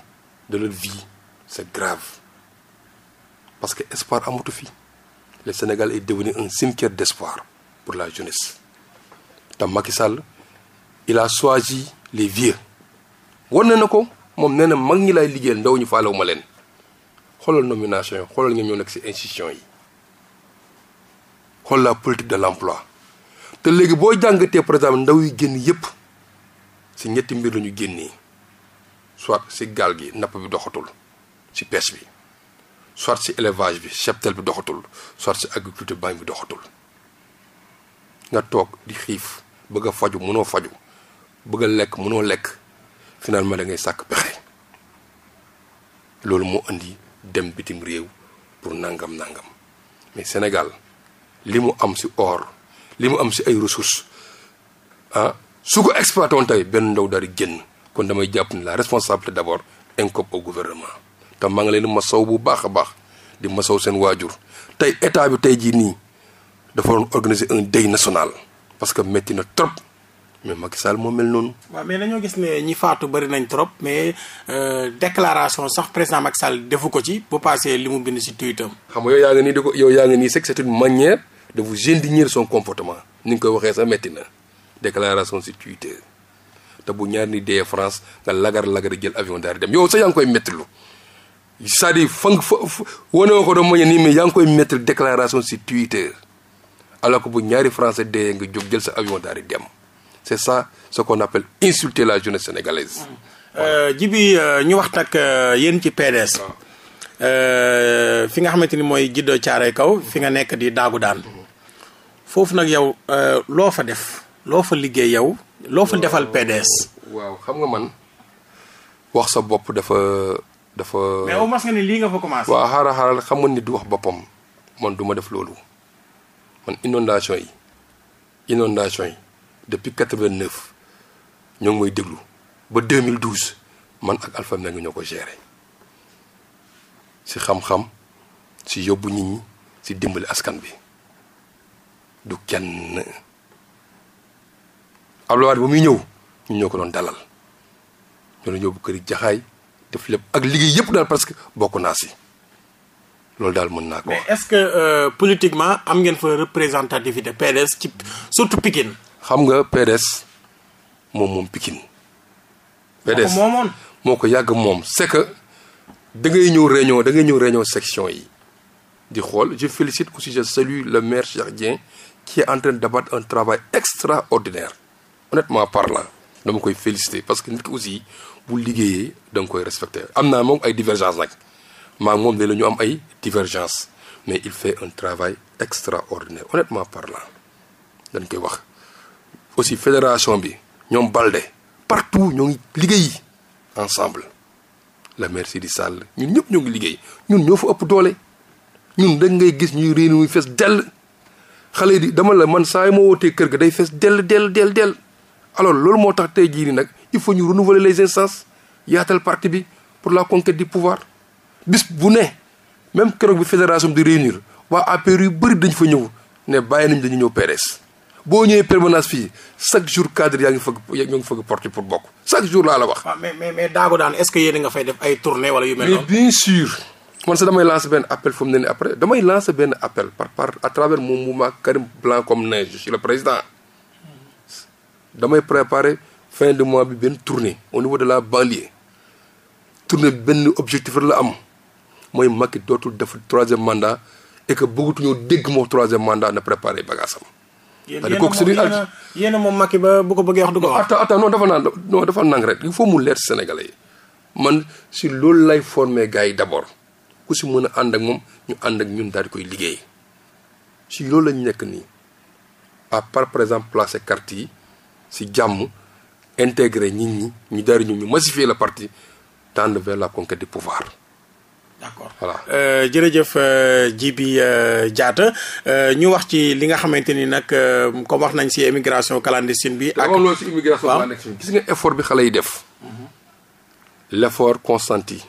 de leur vie c'est grave parce que espoir amatu fi le Sénégal est devenu un cimetière d'espoir pour la jeunesse te Macky Sall il a choisi les vieux ne na ko moom nee na mag ñi lay liggéeyal ndaw ñu faalewu ma leen xoolal nomination yi xoolal nga ñoo nekk ci institution yi walla la politique de l'emploi te léegi boo jàngatee par exemple ndaw yi génn yépp ci ñetti mbir lañu génnee soit ci gaal gi napp bi doxatul ci pêche bi soit ci élevage bi cheptel bi doxatul soit ci agriculture baa bi doxatul nga toog di xiif bëgg a faju mënoo faju bëgg a lekk mënoo lekk finalement da ngay sàkk pexe loolu moo indi dem bitim réew pour nangam nangam mais Sénégal li mu am si or li mu am si ay ressources ah su ko exploité on tey benn ndaw daal di génn kon damay jàpp ni la responsabilité d'abord incombe au gouvernement te maa ngi leen masaw bu baax a baax di masaw seen waajur tey état bi tey jii nii dafa doon organiser un deuil national parce que métti na trop mais Macky Sall moo mel noonu. waa mais dañoo gis ne ñi faatu bari nañ trop mais euh, déclaration sax président Macky Sall defu ko ci bu passé li mu bind si tuitam. xam nga yaa ngi nii di ko de vous indigner son comportement ni nga koy waxee sa metti na déclaration sur Twitter te bu ñaar ni France nga lagar lagar jël avion daal dem yow sax yaa ngi koy mettilu c'est-à-dire fa nga fa wane woo ko doon mañe yaa ngi koy mettre déclaration sur Twitter alors bu ñaari français dee nga jóg jël sa avion daal di dem c'est ça ce qu'on appelle insulter la jeunesse sénégalaise euh, jibi euh, ñu wax nag euh, yéen ci PDS fi nga xamante ni mooy jiddo caaray kaw fi nga nekk di daagu daan foofu nag yow euh, loo fa def loo fa liggéey yow. loo fa defal PDS. waaw xam nga man wax sa bopp dafa dafa. mais au moins nga lii nga fa commencé. waaw xaaral xaaral xam nga ni du wax boppam man duma def loolu man inondation yi inondation yi depuis 89 ñoo ngi may déglu ba 2012 man ak Alpha Mbengue ñoo ko géré si xam-xam si yóbbu nit si dimbali askan bi. du kenn Abdoulaye Wade ba muy ñëw ñun ñoo ko doon dalal ñoo doon ñëw bu këri jaxaay def lépp ak liggéey yëpp daal parce que bokk naa si loolu daal mën naa ko wax. est-ce que euh, politiquement am ngeen fa représentativité PDS ci surtout Pikine. xam nga PDS moom moom Pikine. PDS moo ko yàgg moom c'est que da ñëw réunion da ngay ñëw réunion section yi. di xool je félicite aussi je salue le maire Cheikh Dieng qui est en train d'abattre un travail extraordinaire honnêtement parlant dama koy féliciter parce que nit ki aussi bu liggéeyee da koy respecter am na moom ay divergence nag maa moom ne la ñu am ay divergence mais il fait un travail extraordinaire honnêtement parlant dañ koy wax aussi fédération bi ñoom Balde partout ñoo ngi liggéey ensemble la maire di Sall ñun ñëpp ñoo ngi liggéey ñun ñoo fa ëpp doole ñun da ngay gis ñuy réunion fees dell xale di dama la man saa yi ma wootee kër gi day fees dell dell dell dell alors loolu moo tax tey jii nii nag il faut ñu renouveler les instances yaatal parti bi pour la conquête di pouvoir bis bu ne même keroog bi fédération di réunir waa APR yu bëri dañ fa ñëw ne bàyyi nañ ñëw PDS boo ñëwee permanence fii chaque jour cadre yaa ngi fëgg ñoo ngi fëgg porte pour bokk chaque jour laa la wax. mais mais mais daago daan est-ce que yéen nga fay def ay tournées man sax damay lancer benn appel fu mu ne nii après damay lancer benn appel par par à travers mon mouvement Karim blanc comme neige je suis président damay préparer fin de mois bi benn tournée au niveau de la banlieue tournée benn objectif la am mooy Macky dootul def troisième mandat et que bëggatuñoo dégg moo troisième mandat na préparer bagaasam. c'est-à-dire kooku c'est yéen a moom Macky ba bu ko bëggee wax du ko wax. attends attends non dafa naan non dafa nang rek il faut mu leer Sénégalais man si loolu lay former gars yi d'abord. ku si mën a ànd ak moom ñu ànd ak ñun daal di koy liggéey si loolu lañu nekk nii à part par exemple placer carte yi si jàmm intégrer nit ñi ñu daal ñu ñu massifier le parti tendre vers la conquête du pouvoir. d'accord voilà euh, jërëjëf euh, Djiby euh, Diatta ñu wax ci li nga xamante ni nag comme wax nañ ci immigration clandestine bi. ak loolu ci immigration clandestine gis nga effort bi xale yi def. Mhm. l'effort consenti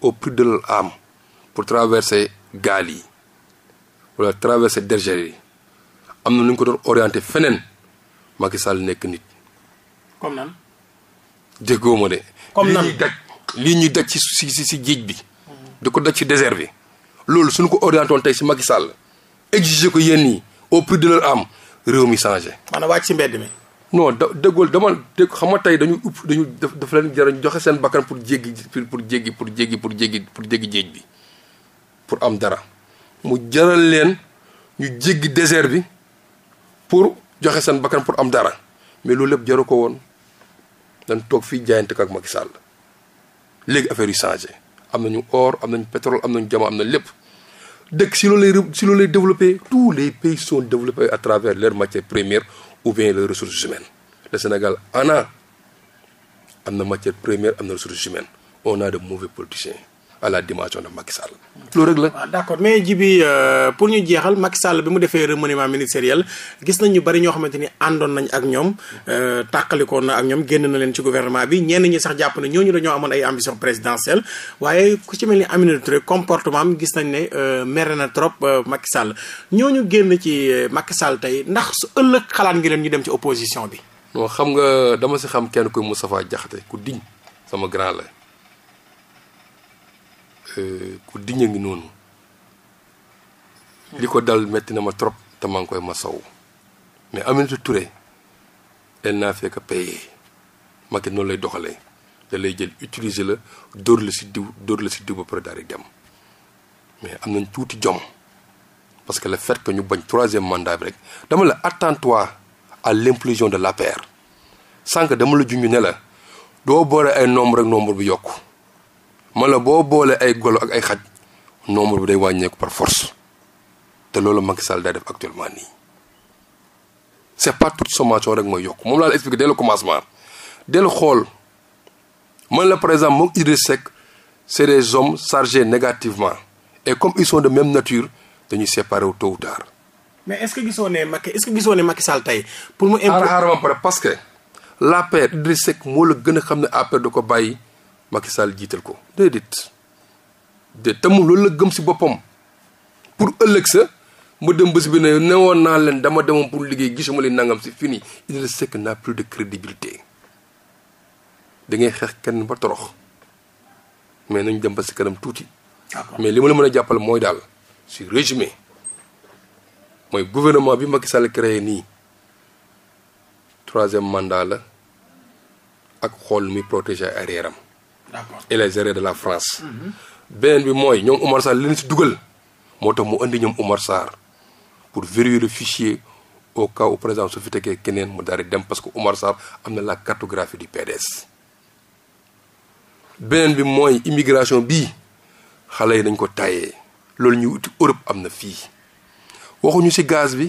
au prix de l'âme pour traverser gaal yi wala traverser dergère yi am na nu ñu ko doon orienté feneen Macky Sall nekk nit. comme nan. déggoo ma de. comme nan lii ñuy daj lii ñuy daj ci si si si géej bi. di ko daj ci désert bi. loolu suñu ko orienté woon tey si Macky Sall exiger ko yéen ñi au prix de leur am réew mi changé. maanaam wàcc ci mbedd mi. non da déggool dama dégg xam nga tey dañu upp dañu daf leen jarañ joxe seen bakkan pour jéggi pour jéggi pour jéggi pour jéggi pour jéggi géej bi. pour am dara mu jaral leen ñu jéggi désert bi pour joxe seen bakkan pour am dara mais loolu lépp jaru ko woon dañ toog fii jaayante ak Macky Sall léegi affaire yu changé am nañu or am nañu pétrole am nañu jama am na lépp dëkk si loolu lay si loolu lay tous les pays sont développés à travers leurs matières première ou bien les ressources humaines le Sénégal ana am na matière première am na ressources humaines on a de mauvais politiciens à la dimension de Macky Sall. loolu rek la. waaw ah, d'accord mais Djiby euh, pour ñu jeexal Macky Sall bi mu defee remaniement ministériel gis nañ ñu bari ñoo xamante ni àndoon nañ ak ñoom euh, tàqalikoon na ak ñoom génn na leen ci gouvernement bi ñenn sax jàpp ne ñooñu dañoo amoon ay ambition présidentielle waaye ku ci mel ni Aminata comportement gis nañ ne euh, mere na trop Macky Sall ñooñu génn ci Macky Sall tey ndax su ëllëg xalaat ngi ñu dem ci opposition bi. non xam nga dama si xam kenn kuy Moustapha Diakhaté ku diñ sama grand la. Euh, ku diñ a ngi noonu li ko dal metti na ma trop te maa ngi koy ma saw mais Aminata Touré elle naa fait que payer Macky noonu lay doxalee da lay jël utiliser la dóor la si diw dóor la si diw ba pare daal di dem mais am nañ tuuti jom parce que le fait ñu bañ troisième mandat bi rek dama la attends-toi à l'implosion de l'APR sànq dama la junj ne la doo boole ay nombre rek nombre bi yokku ma la boo boolee ay golo ak ay xaj nombre bi day wàññeeku par force te loolu Macky Sall def actuellement nii c'est pas toute sommation rek mooy yokk moom laa la expliqué dès le commencement dès le xool man la par exemple moom Idriss Seck c'est des hommes chargés négativement et comme ils sont de même nature dañuy séparer wu tôt ou tard. mais est-ce que gisoo ne Macky est-ce que gisoo ne tey pour mu. impo xaaral ma pare parce que l'APR Idriss Seck moo la gën a xam ne APR da ko bàyyi. Macky Sall jiital ko déedéet de tamu loolu la gëm si boppam pour ëllëg sa mu dem si bi ne ne woon naa leen dama demoon pour liggéey gisuma leen nangam si fini Idrissa Seck n'a plus de crédibilité da ngay xeex kenn ba torox mais nañ dem ba si kanam tuuti mais li ma la mën a jàppal mooy daal si résumé mooy gouvernement bi Macky Sall créé nii troisième mandat la ak xool mi protéger ay am et les erreurs de la France. beneen bi mooy ñoom Umar Sarr li leen si dugal moo tax mu indi ñoom Umar Sarr pour verrouiller le fichier au cas où par exemple su fi tegee keneen mu daal di dem parce que Umar am na la cartographie du PDS. beneen bi mooy immigration bi xale yi dañ ko taayee loolu ñu uti Europe am na fii waxuñu ci gaz bi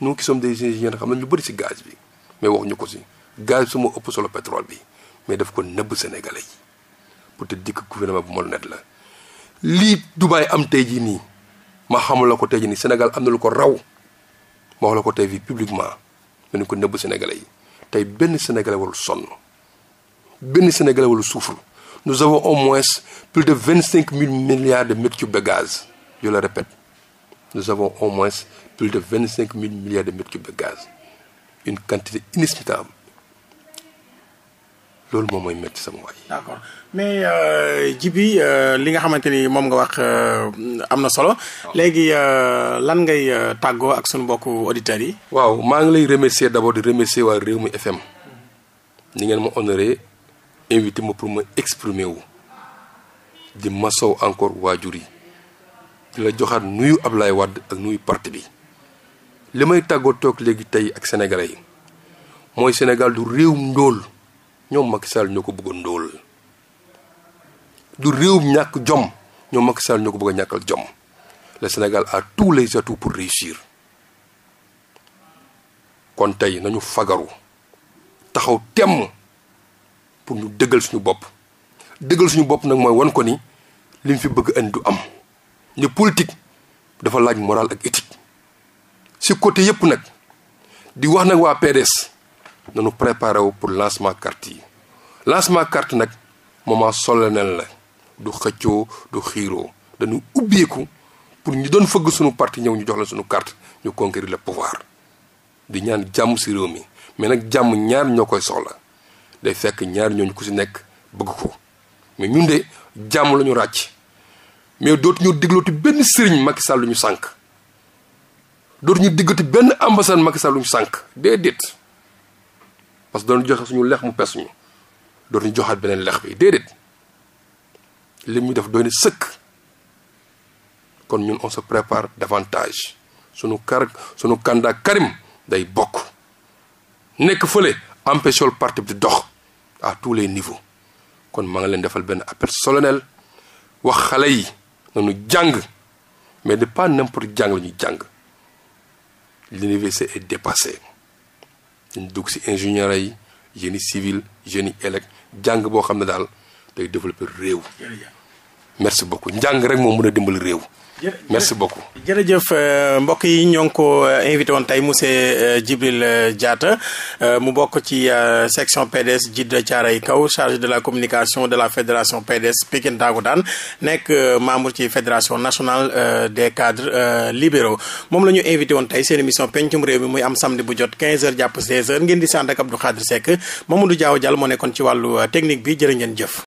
nous qui sommes des ingénieurs xam na ñu bëri ci gaz bi mais waxuñu ko ci gaz bi su ma ëpp solo pétrole bi mais daf ko nëbb Sénégalais yi. peut-être dikk gouvernement bu malhonnête la lii Dubaï am tey jii nii ma xamula ko tey jii nii Sénégal am na lu ko raw ma wax la ko tey fii publiquement nañu ko nëbb Sénégalais yi tey benn Sénégalais warul sonn benn Sénégalais warul souffre nous au moins plus de vingt cinq mille milliards de mètres cubes de gaz je le répète nous avons moins plus de vingt cinq mille milliards de mètres cubes de gaz une quantité inestimable loolu moom mooy métti sama waay. d'accord mais euh, Djiby euh, li nga xamante ni moom nga wax euh, am na solo. léegi lan ngay tàggoo ak sunu mbokku auditeurs yi. waaw maa ngi lay remercier d'abord di remercier waa mi FM ni ngeen ma honoré invité ma pour ma exprimer wu di masow encore waajur yi di la joxaat nuyu Ablaye Wade ak nuyu parti bi li may tàggoo toog léegi tey ak sénégalais yi mooy Sénégal du réew ndóol. ñoom Macky Sall ñoo ko bëgg a ndóol du réew ñàkk jom ñoom Macky Sall ñoo ko bëgg ñàkkal jom le Sénégal a tous les atouts pour réussir kon tey nañu fagaru taxaw temm pour ñu dëggal suñu bopp dëggal suñu bopp nag mooy wan ko ni li ñu fi bëgg indi du am ni politique dafa laaj moral ak éthique si côté yépp nag di wax nag waa PDS nañu préparé wu pour lancement carte yi lancement carte nag moment solennel la du xëccoo du xiiroo dañuy ubbeeku pour ñu doon fëgg suñu parti ñëw ñu jox la suñu carte ñu conquérir le pouvoir di ñaan jàmm si réew mi mais nag jàmm ñaar ñoo koy soxla day fekk ñaar ñooñu ku si nekk bëgg ko mais ñun de jàmm la ñu ràcc mais dootuñu diglooti benn sëriñ Macky Sall lu ñu sànq dootuñu diggati benn ambassade Macky Sall lu ñu sànq déedéet parce que doon joxe suñu lex mu pes ñu dootuñu joxaat beneen lex bi déedéet li mu def doy na sëkk kon ñun on se prépare davantage suñu kar suñu candidat Karim day bokk nekk fële empêché le bi di dox à tous les niveaux kon maa ngi leen defal benn appel solennel wax xale yi nañu jàng mais de pas n'importe jàng la ñuy jàng l'université est dépassée dañ dugg si ingénieur yi génie civil génie élec jàng boo xam ne daal day développer réew merce beaucoup njàng rek moo mën a dimbali réew merci beaucoup jërëjëf euh, mbokk yi ñoo ngi ko euh, invité woon tey monsieur euh, Djibril Diatta mu bokk ci section PDS Djiddah Thiaroye Kaw chargé de la communication de la fédération PDS Pikine daan nekk membre ci fédération nationale de cadres libéraux moom la ñu invité woon tey seen émission pencum réew mi muy am samedi bu jot 15h jàpp 16h ngeen di sant ak Abdou Khadre Seck Mamadou Diaw Diallo moo nekkoon ci wàllu technique bi jërë ngeen jëf.